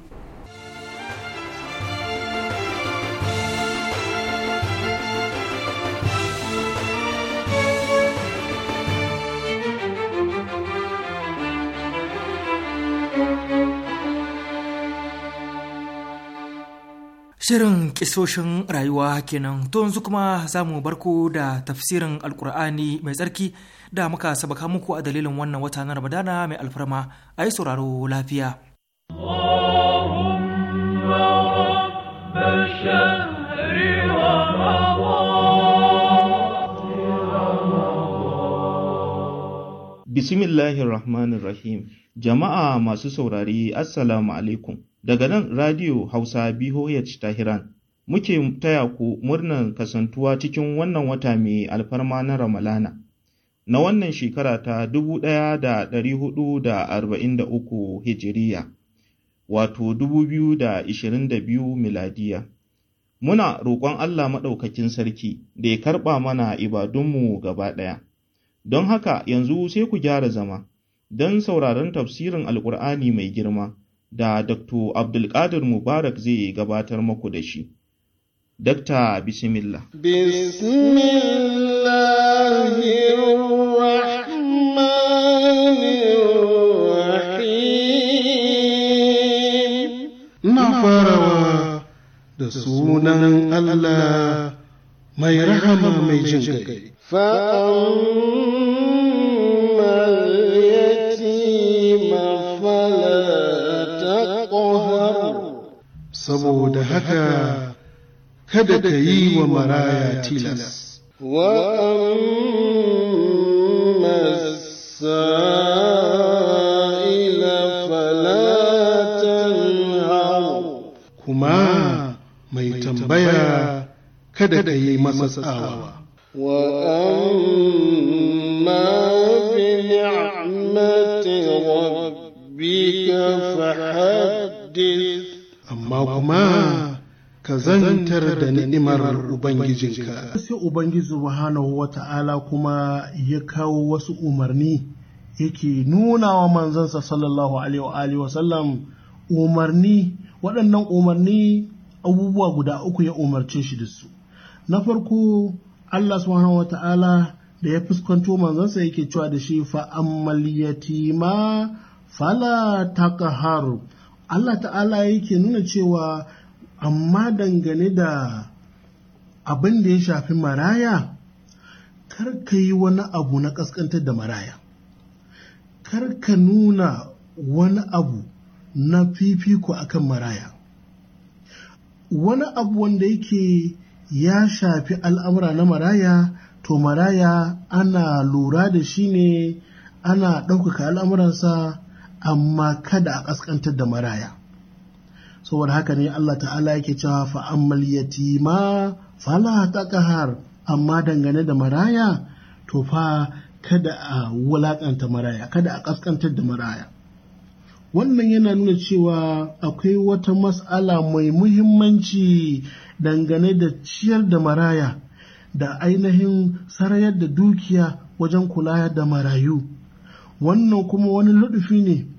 Shirin kisoshin rayuwa kenan to yanzu kuma za mu barko da tafsirin alkur'ani mai tsarki da muka sabaka muku a dalilin wannan wata na Ramadana mai alfarma a yi sauraro lafiya. Bismillahirrahmanirrahim Jama'a masu saurari Assalamu alaikum. Daga nan Radio Hausa BOH Tahiran muke taya ku murnar kasantuwa cikin wannan wata mai alfarma na Ramalana. Na wannan shekara ta 1443 Hijiriya, wato 2022 Miladiya. Muna roƙon Allah Maɗaukakin Sarki da ya karɓa mana ibadunmu gaba ɗaya. Don haka yanzu sai ku gyara zama, don sauraron tafsirin Alƙur'ani mai girma. da Dr. Abdulkadir Mubarak zai gabatar maku da shi. Dr. Bismillah. Bismillahirrahmanirrahim. Na farawa da sunan Allah mai rahama mai jin kai. saboda haka kada ka yi wa maraya tilas kuma mai tambaya kada ka yi masa tsawa ربك فحدث amma kuma ka zantar da ni'imar Ubangijinka. Sai Ubangiji Subhanahu wa ta'ala kuma ya kawo wasu umarni yake nuna wa manzansa sallallahu Alaihi wa sallam umarni waɗannan umarni abubuwa guda uku ya umarce shi da su. Na farko Allah Subhanahu wa ta'ala da ya fuskanto manzansa yake cewa da shi fa'ammal ma fala taqhar Allah ta'ala yake nuna cewa amma dangane da abin da ya shafi maraya kar ka yi wani abu na ƙasƙantar da maraya kar ka nuna wani abu na fifiko akan maraya wani abu wanda yake ya shafi al'amura na maraya to maraya ana lura da shi ne ana ɗaukaka al'amuransa amma kada a ƙasƙantar da maraya saboda haka ne Allah ta'ala yake cewa fa'ammal yatima fala taqhar amma dangane da maraya to fa kada a wulaƙanta maraya kada a ƙasƙantar da maraya wannan yana nuna cewa akwai wata mas'ala mai muhimmanci dangane da ciyar da maraya da ainihin sarayar da dukiya wajen kula da marayu wannan kuma wani luɗufi ne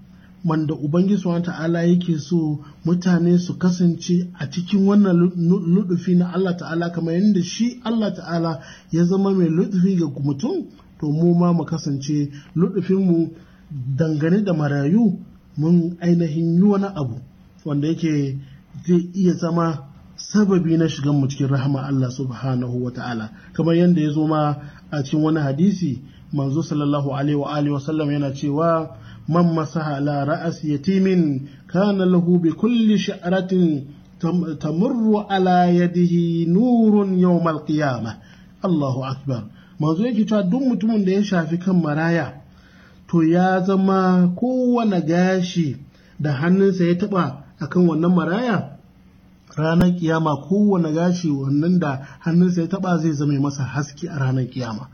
wanda Ubangiji wa ta'ala yake so mutane su kasance a cikin wannan ludufi na Allah ta'ala kamar yadda shi Allah ta'ala ya zama mai ludufi ga mutum to mu ma mu kasance ludufinmu dangane da marayu mun ainihin yi wani abu wanda yake zai iya zama sababi na shigan mu cikin rahama Allah subhanahu wa ta'ala kamar yadda ya zo ma a cikin wani hadisi manzo sallallahu alaihi wa alihi wa sallam yana cewa man masaha ala ra'as yatimin kana lahu bi kulli sha'ratin tamurru ala yadihi nurun yau qiyamah Allahu akbar manzo yake cewa duk mutumin da ya shafi kan maraya to ya zama kowane gashi da hannunsa ya taba akan wannan maraya ranar kiyama kowane gashi wannan da hannunsa ya taɓa zai zama masa haske a ranar kiyama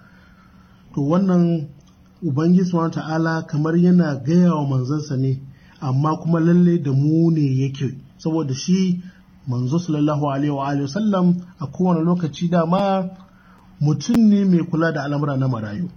to wannan Ubangiji wa ta'ala kamar yana gaya wa manzansa ne amma kuma lalle da mu ne yake saboda shi manzo sallallahu alaihi wa alihi wasallam a kowane lokaci dama mutum ne mai kula da al'amura na marayu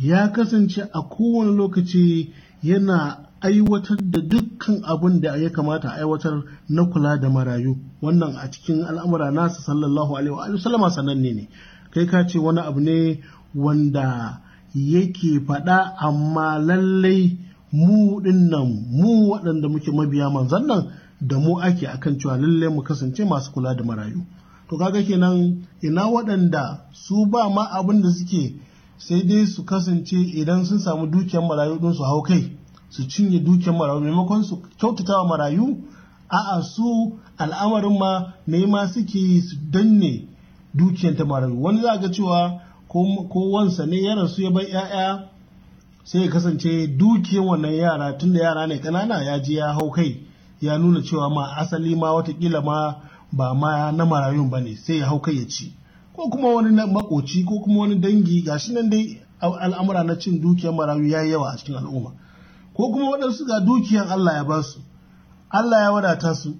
ya kasance a kowane lokaci yana aiwatar da dukkan abin da ya kamata aiwatar na kula da marayu wannan a cikin al'amura nasa sallallahu alaihi wa sallama sananne ne kai ka ce wani abu ne wanda yake faɗa amma lallai mu dinnan mu waɗanda muke mabiya manzan nan da mu ake akan cewa lallai mu kasance masu kula da marayu to kaga kenan ina waɗanda su ba ma abin da suke sai dai su kasance idan sun samu dukiyar marayu din su hau kai su cinye dukiyar marayu maimakon su kyautata wa marayu a'a su al'amarin ma mai ma suke su danne dukiyar ta marayu wani za ga cewa ko wansa ne ya rasu ya bar 'ya'ya sai ya kasance dukiyan wannan yara tun da yara ne kanana ya ji ya hau kai ya nuna cewa ma asali ma watakila ma ba ma na marayun ba ne sai ya hau kai ya ci ko kuma wani makoci ko kuma wani dangi gashi nan dai al'amura na cin dukiyar marayu ya yi yawa a cikin al'umma ko kuma waɗansu ga dukiyar Allah ya ba su Allah ya wadata su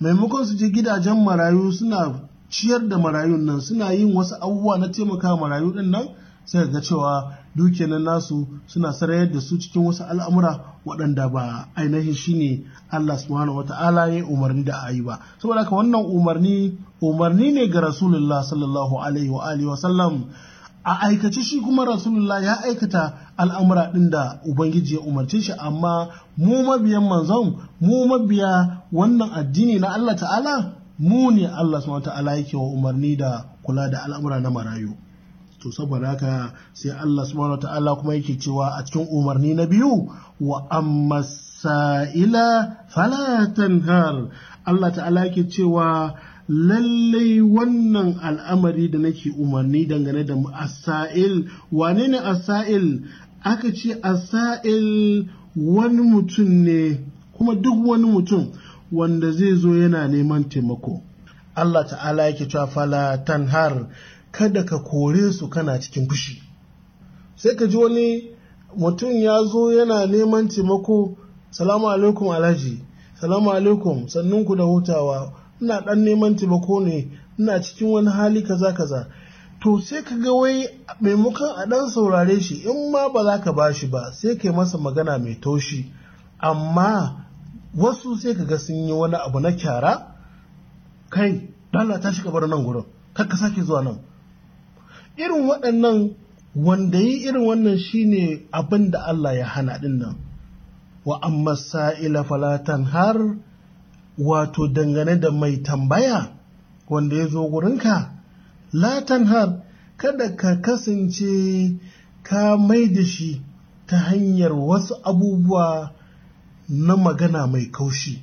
maimakon su je gidajen marayu suna ciyar da marayun nan suna yin wasu abubuwa na taimaka marayu din nan sai ga cewa dukiyar nasu suna sarayar da su cikin wasu al'amura waɗanda ba ainihin shine Allah subhanahu wata'ala ya umarni da ayi ba saboda haka wannan umarni umarni ne ga rasulullah sallallahu alaihi wa alihi wa sallam a aikace shi kuma rasulullah ya aikata al'amura ɗin da ubangiji ya umarce shi amma mu mabiyan manzon mu mabiya wannan addini na Allah ta'ala mu ne Allah subhanahu ta'ala yake wa umarni da kula da al'amura na marayu to saboda haka sai Allah subhanahu ta'ala kuma yake cewa a cikin umarni na biyu wa amma sa'ila fala tanhar Allah ta'ala yake cewa lallai wannan al'amari da nake umarni dangane da asa'il wane ne asa'il aka ce asa'il wani mutum ne kuma duk wani mutum wanda zai zo yana neman taimako Allah ta'ala yake cewa fala tanhar kada ka kore su kana cikin fushi sai ka ji wani mutum ya zo yana neman taimako salamu alaikum alhaji salamu alaikum sannun ku da hutawa ina ɗan neman taimako ne ina cikin wani hali kaza kaza to sai ka ga wai maimakon a ɗan saurare shi in ma ba za ka bashi ba sai ka yi masa magana mai taushi amma wasu sai ka ga sun yi wani abu na kyara kai dala ta shiga bar nan gurin sake zuwa nan irin waɗannan wanda yi irin wannan shine abin da Allah ya hana din nan wa amma sa'ila falatan har wato dangane da mai tambaya wanda ya zo gurinka latan har kada ka kasance ka mai da shi ta hanyar wasu abubuwa na magana mai kaushi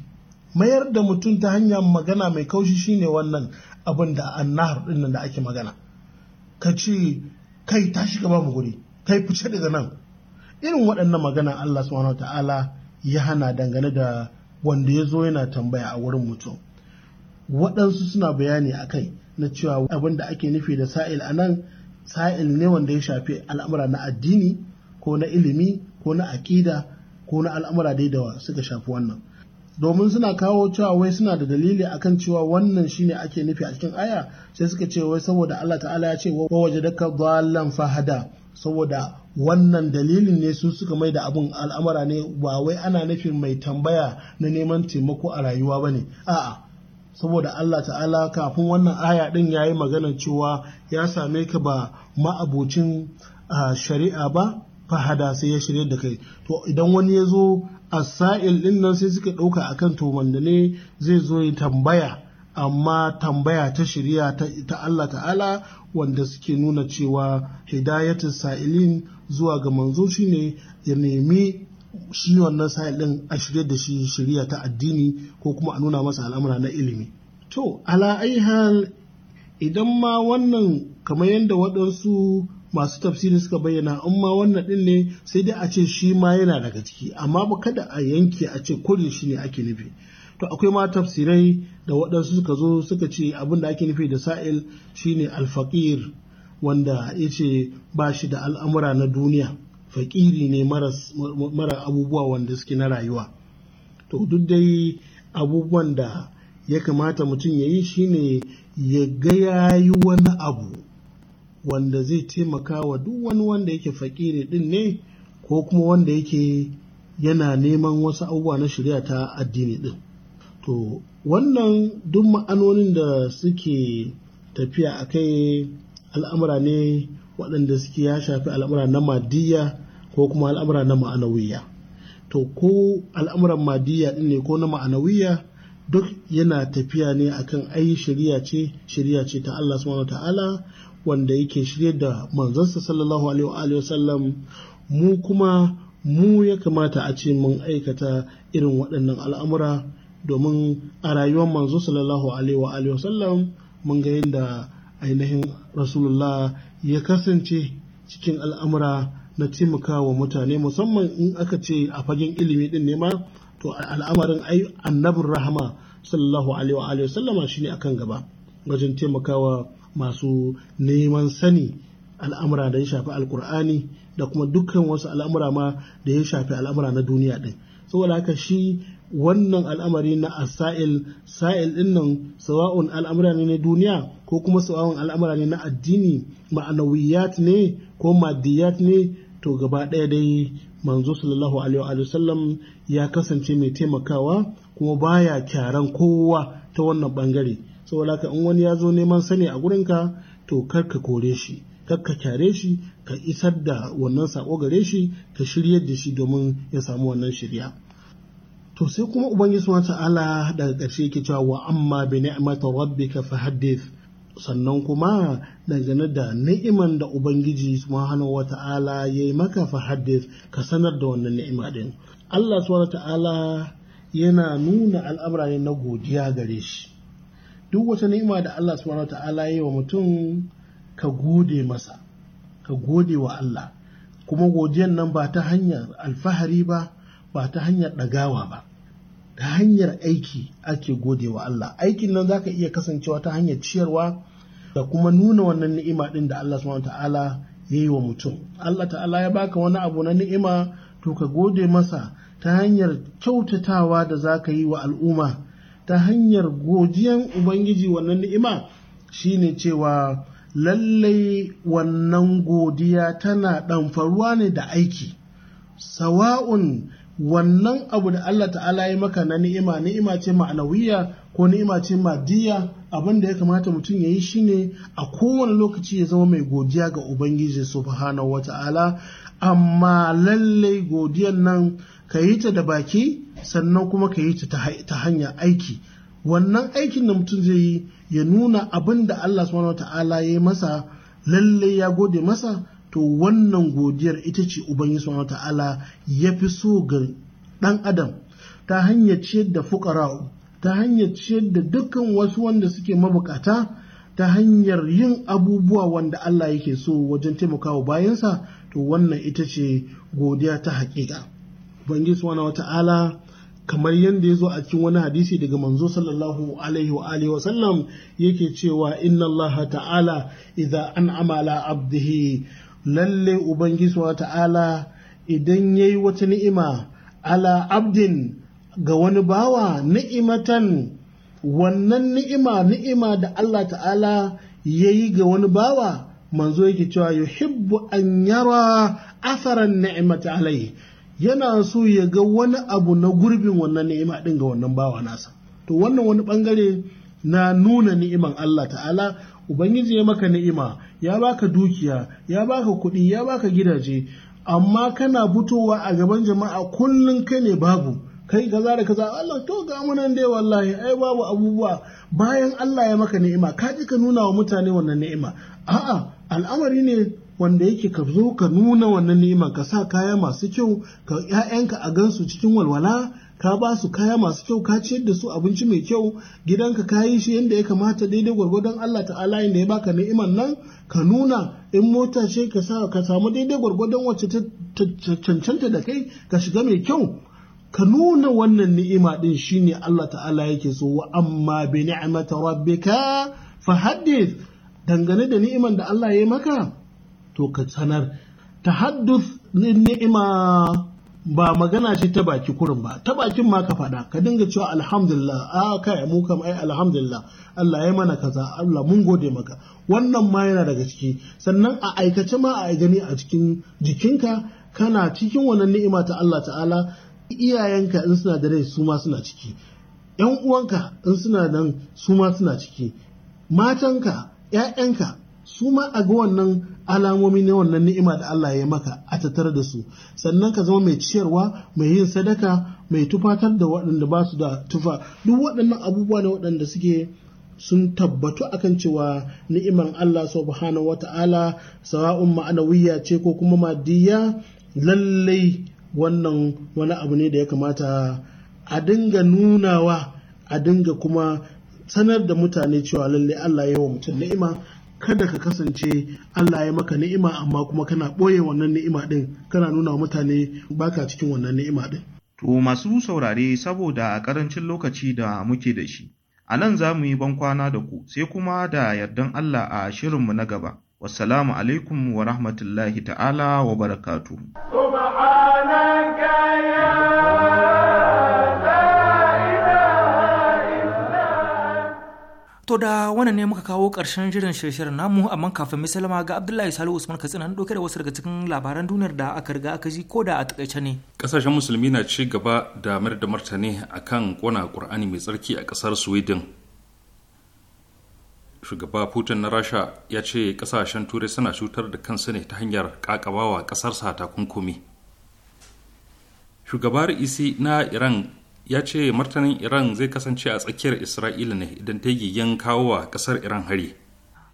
mayar da mutum ta hanya magana mai kaushi shine wannan abin da annahar din da ake magana ka ce kai ta shiga mu guri kai fice daga nan irin waɗannan magana Allah subhanahu ta'ala ya hana dangane da wanda ya zo yana tambaya a wurin mutum waɗansu suna bayani a kai na cewa abin da ake nufi da sa'il a nan sa'il ne wanda ya shafi al'amura na addini ko na ilimi ko na aƙida ko na al'amura dai da suka shafi wannan domin suna kawo cewa wai suna da dalili akan cewa wannan shine ake nufi a cikin aya sai suka ce wai saboda Allah ta'ala ya ce wa wajadaka dhallan fahada saboda wannan dalilin ne su suka mai da abun al'amara ne ba wai ana nufin mai tambaya na neman taimako a rayuwa bane a'a saboda Allah ta'ala kafin wannan aya din yayi maganar cewa ya same ka ba ma'abucin ah, shari'a ba fahada sai ya shirya da kai to idan wani ya zo a sa'il din nan sai suka ɗauka akan to wanda ne zai zo ya tambaya amma tambaya ta shirya ta Allah ta'ala wanda suke nuna cewa hidayatul sa'ilin zuwa ga manzo shine ya nemi shi wannan sa'il din a shirya da shi shirya ta addini ko kuma a nuna masa al'amura na ilimi to ala idan ma wannan kamar yadda waɗansu masu tafsiri suka bayyana in wannan din ne sai dai a ce shi ma yana daga ciki amma ba kada a yanke a ce kurin shi ne ake nufi to akwai ma tafsirai da waɗansu suka zo suka ce abin da ake nufi da sa'il shine alfaƙir wanda ya ce ba shi da al'amura na duniya faƙiri ne mara abubuwa wanda suke na rayuwa to duk dai abubuwan da ya kamata mutum ya yi shine ya ga yi wani abu wanda zai taimaka wa duk wani wanda yake fakiri din ne ko kuma wanda yake yana neman wasu abubuwa na shirya ta addini din to wannan duk ma'anonin da suke tafiya a kai al'amura ne waɗanda suke ya shafi al'amura na madiyya ko kuma al'amura na ma'anawiyya to ko al'amuran madiyya din ne ko na ma'anawiyya duk yana tafiya ne akan ai shari'a ce shari'a ce ta Allah subhanahu ta'ala wanda yake shirye da manzansa sallallahu alaihi wa wasallam mu kuma mu ya kamata a ce mun aikata irin waɗannan al'amura domin a rayuwar manzo sallallahu alaihi wa wasallam mun ga yadda ainihin rasulullah ya kasance cikin al'amura na taimakawa mutane musamman in aka ce a fagen ilimi din ne ma to al'amarin ai annabin rahama sallallahu alaihi wa sallama shine akan gaba wajen taimakawa masu neman sani al'amura da ya shafi alkur'ani da kuma dukkan wasu al'amura ma da ya shafi al'amura na duniya ɗin saboda haka shi wannan al'amari na asa'il sa'il din nan sawa'un al'amura ne na duniya ko kuma sawa'un al'amura ne na addini ma'anawiyat ne ko madiyat ne to gaba ɗaya dai manzo sallallahu alaihi wa sallam ya kasance mai taimakawa kuma baya kyaran kowa ta wannan bangare saboda in wani ya zo neman sani a gurinka to kar ka kore shi kar ka kyare shi ka isar da wannan sako gare shi ka shiryar da shi domin ya samu wannan shirya to sai kuma ubangiji suna ta'ala daga ƙarshe yake cewa wa amma bi ni'mati rabbika fahaddith sannan kuma daga na da ni'iman da ubangiji subhanahu ta'ala yayi maka fahaddith ka sanar da wannan ni'ima din Allah subhanahu ta'ala yana nuna al'amura na godiya gare shi duk wata ni'ima da Allah subhanahu ta'ala yi wa mutum ka gode masa ka gode wa Allah kuma godiyan nan ba ta hanyar alfahari ba ba ta hanyar ɗagawa ba ta hanyar aiki ake gode wa Allah aikin nan zaka iya kasancewa ta hanyar ciyarwa da kuma nuna wannan ni'ima din da Allah subhanahu ta'ala ya yi wa mutum Allah ta'ala ya baka wani abu na ni'ima to ka gode masa ta hanyar kyautatawa da zaka yi wa al'umma ta hanyar godiyan ubangiji wannan ni'ima shi ne cewa lallai wannan godiya tana ɗamfaruwa ne da aiki sawa'un wannan abu da Allah ta'ala ya maka na ni'ima ni'ima ce ma'anawiya ko ni'ima ce madiya abin da ya kamata mutum ya yi shi ne a kowane lokaci ya zama mai godiya ga ubangiji subhanahu wata'ala amma lallai godiyan nan ka yi ta da baki sannan kuma ka yi ta ta hanyar aiki wannan aikin da mutum zai yi ya nuna abin da Allah subhanahu ta'ala ya yi masa lalle ya gode masa to wannan godiyar ita ce ubangiji subhanahu ta'ala ya fi so ga dan adam ta hanyar ciyar da fukara'u ta hanyar ciyar da dukkan wasu wanda suke mabukata ta hanyar yin abubuwa wanda Allah yake so wajen taimakawa bayansa to wannan ita ce godiya ta haƙiƙa. ubangiji wata ala kamar yadda ya zo a cikin wani hadisi daga manzo sallallahu alaihi wa alihi wa sallam yake cewa inna allaha ta'ala idza an'ama ala abdihi lalle ubangiji wa ta'ala idan yayi wata ni'ima ala abdin ga wani bawa ni'imatan wannan ni'ima ni'ima da Allah ta'ala yayi ga wani bawa manzo yake cewa yuhibbu an yara asaran ni'imata alaihi yana so ya ga wani abu na gurbin wannan ni'ima ɗin ga wannan bawa nasa to wannan wani bangare na nuna ni'iman Allah ta'ala ubangiji ya maka ni'ima ya baka dukiya ya baka kuɗi ya baka gidaje amma kana butowa a gaban jama'a kullum kai ne babu kai kaza da kaza Allah to ga mu nan dai wallahi ai babu abubuwa bayan Allah ya maka ni'ima ka ji ka nuna wa mutane wannan ni'ima a'a al'amari ne wanda yake ka zo ka nuna wannan ni'iman, ka sa kaya masu kyau ka ƴaƴanka a gansu cikin walwala ka ba su kaya masu kyau ka ciyar da su abinci mai kyau gidanka ka yi shi yadda ya kamata daidai gwargwadon Allah ta'ala inda ya baka ni'iman nan ka nuna in mota ce ka sa ka samu daidai gwargwadon wacce ta cancanta da kai ka shiga mai kyau ka nuna wannan ni'ima din shine Allah ta'ala yake so wa amma bi ni'mati rabbika fa dangane da ni'iman da Allah ya yi maka to ka sanar tahaddus ni'ima ba magana ce ta baki kurin ba ta bakin ma ka faɗa ka dinga cewa alhamdulillah a kai mu kam ai alhamdulillah Allah ya mana kaza Allah mun gode maka wannan ma yana daga ciki sannan a aikace ma a gani a cikin jikinka kana cikin wannan ni'ima ta Allah ta'ala iyayenka in suna da rai su ma suna ciki yan uwanka in suna nan su ma suna ciki matanka ƴaƴanka. su ma a ga wannan alamomi na wannan ni'ima da Allah ya maka a tattara da su sannan ka zama mai ciyarwa mai yin sadaka mai tufatar da waɗanda ba su da tufa duk waɗannan abubuwa ne waɗanda suke sun tabbatu akan cewa ni'iman Allah subhanahu wata'ala sawa'un ma'anawiyya ce ko kuma madiyya lallai wannan wani abu ne da ya kamata a dinga nunawa a dinga kuma sanar da mutane cewa lallai Allah ya yi wa mutum ni'ima kada ka kasance Allah ya maka ni'ima amma kuma kana ɓoye wannan ni'ima ɗin kana nuna wa mutane baka cikin wannan ni'ima ɗin. To masu saurare saboda a ƙarancin lokaci da muke da shi, a nan za mu yi bankwana da ku sai kuma da yardan Allah a shirinmu na gaba. Wassalamu alaikum wa rahmatullahi ta'ala wa barakatu. To da wannan ne muka kawo ƙarshen jiran shirin namu amma kafin mai salama ga Abdullahi Salu Usman Katsina ɗauke da wasu daga cikin labaran duniyar da aka riga aka ji ko da a takaice ne. Ƙasashen musulmi na ci gaba da mayar da martani akan kona Ƙur'ani mai tsarki a kasar Sweden. Shugaba Putin na Rasha ya ce kasashen Turai suna cutar da kansu ne ta hanyar ƙaƙabawa ƙasarsa takunkumi. Shugabar isi na Iran ya ce martanin iran zai kasance a tsakiyar isra'ila ne idan ta yi kawo wa kasar iran hari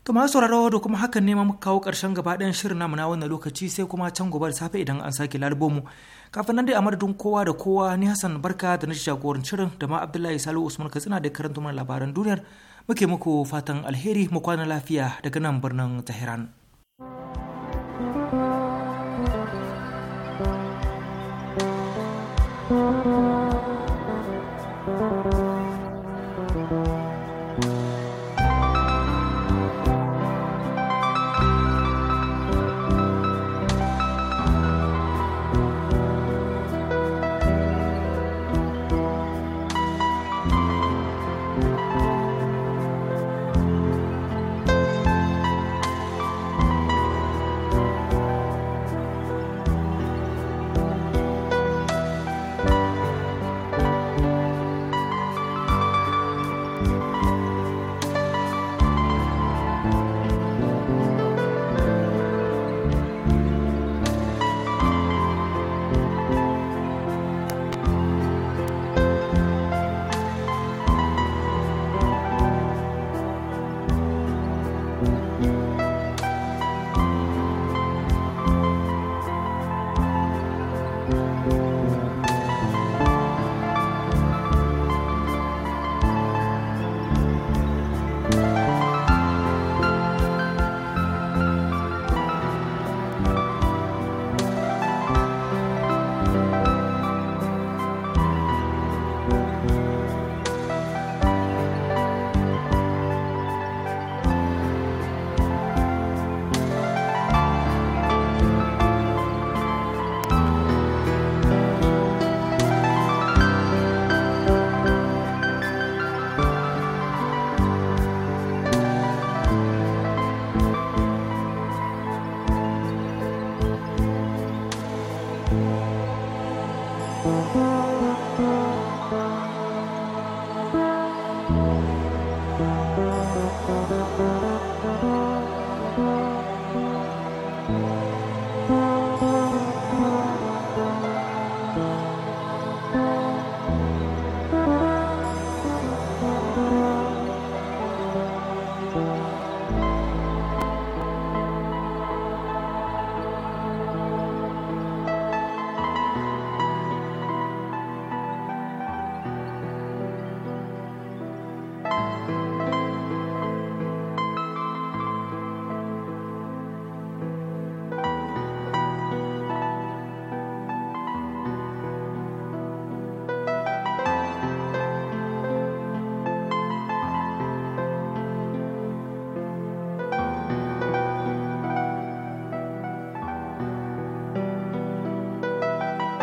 to masu sauraro da kuma hakan ne muka kawo karshen gaba ɗayan shirin namu na wannan lokaci sai kuma can gobe da safe idan an sake lalbomu kafin nan dai a madadin kowa da kowa ni hassan barka da na jagorin shirin da ma abdullahi salihu usman katsina da karanta mana labaran duniyar muke muku fatan alheri mu kwana lafiya daga nan birnin tehran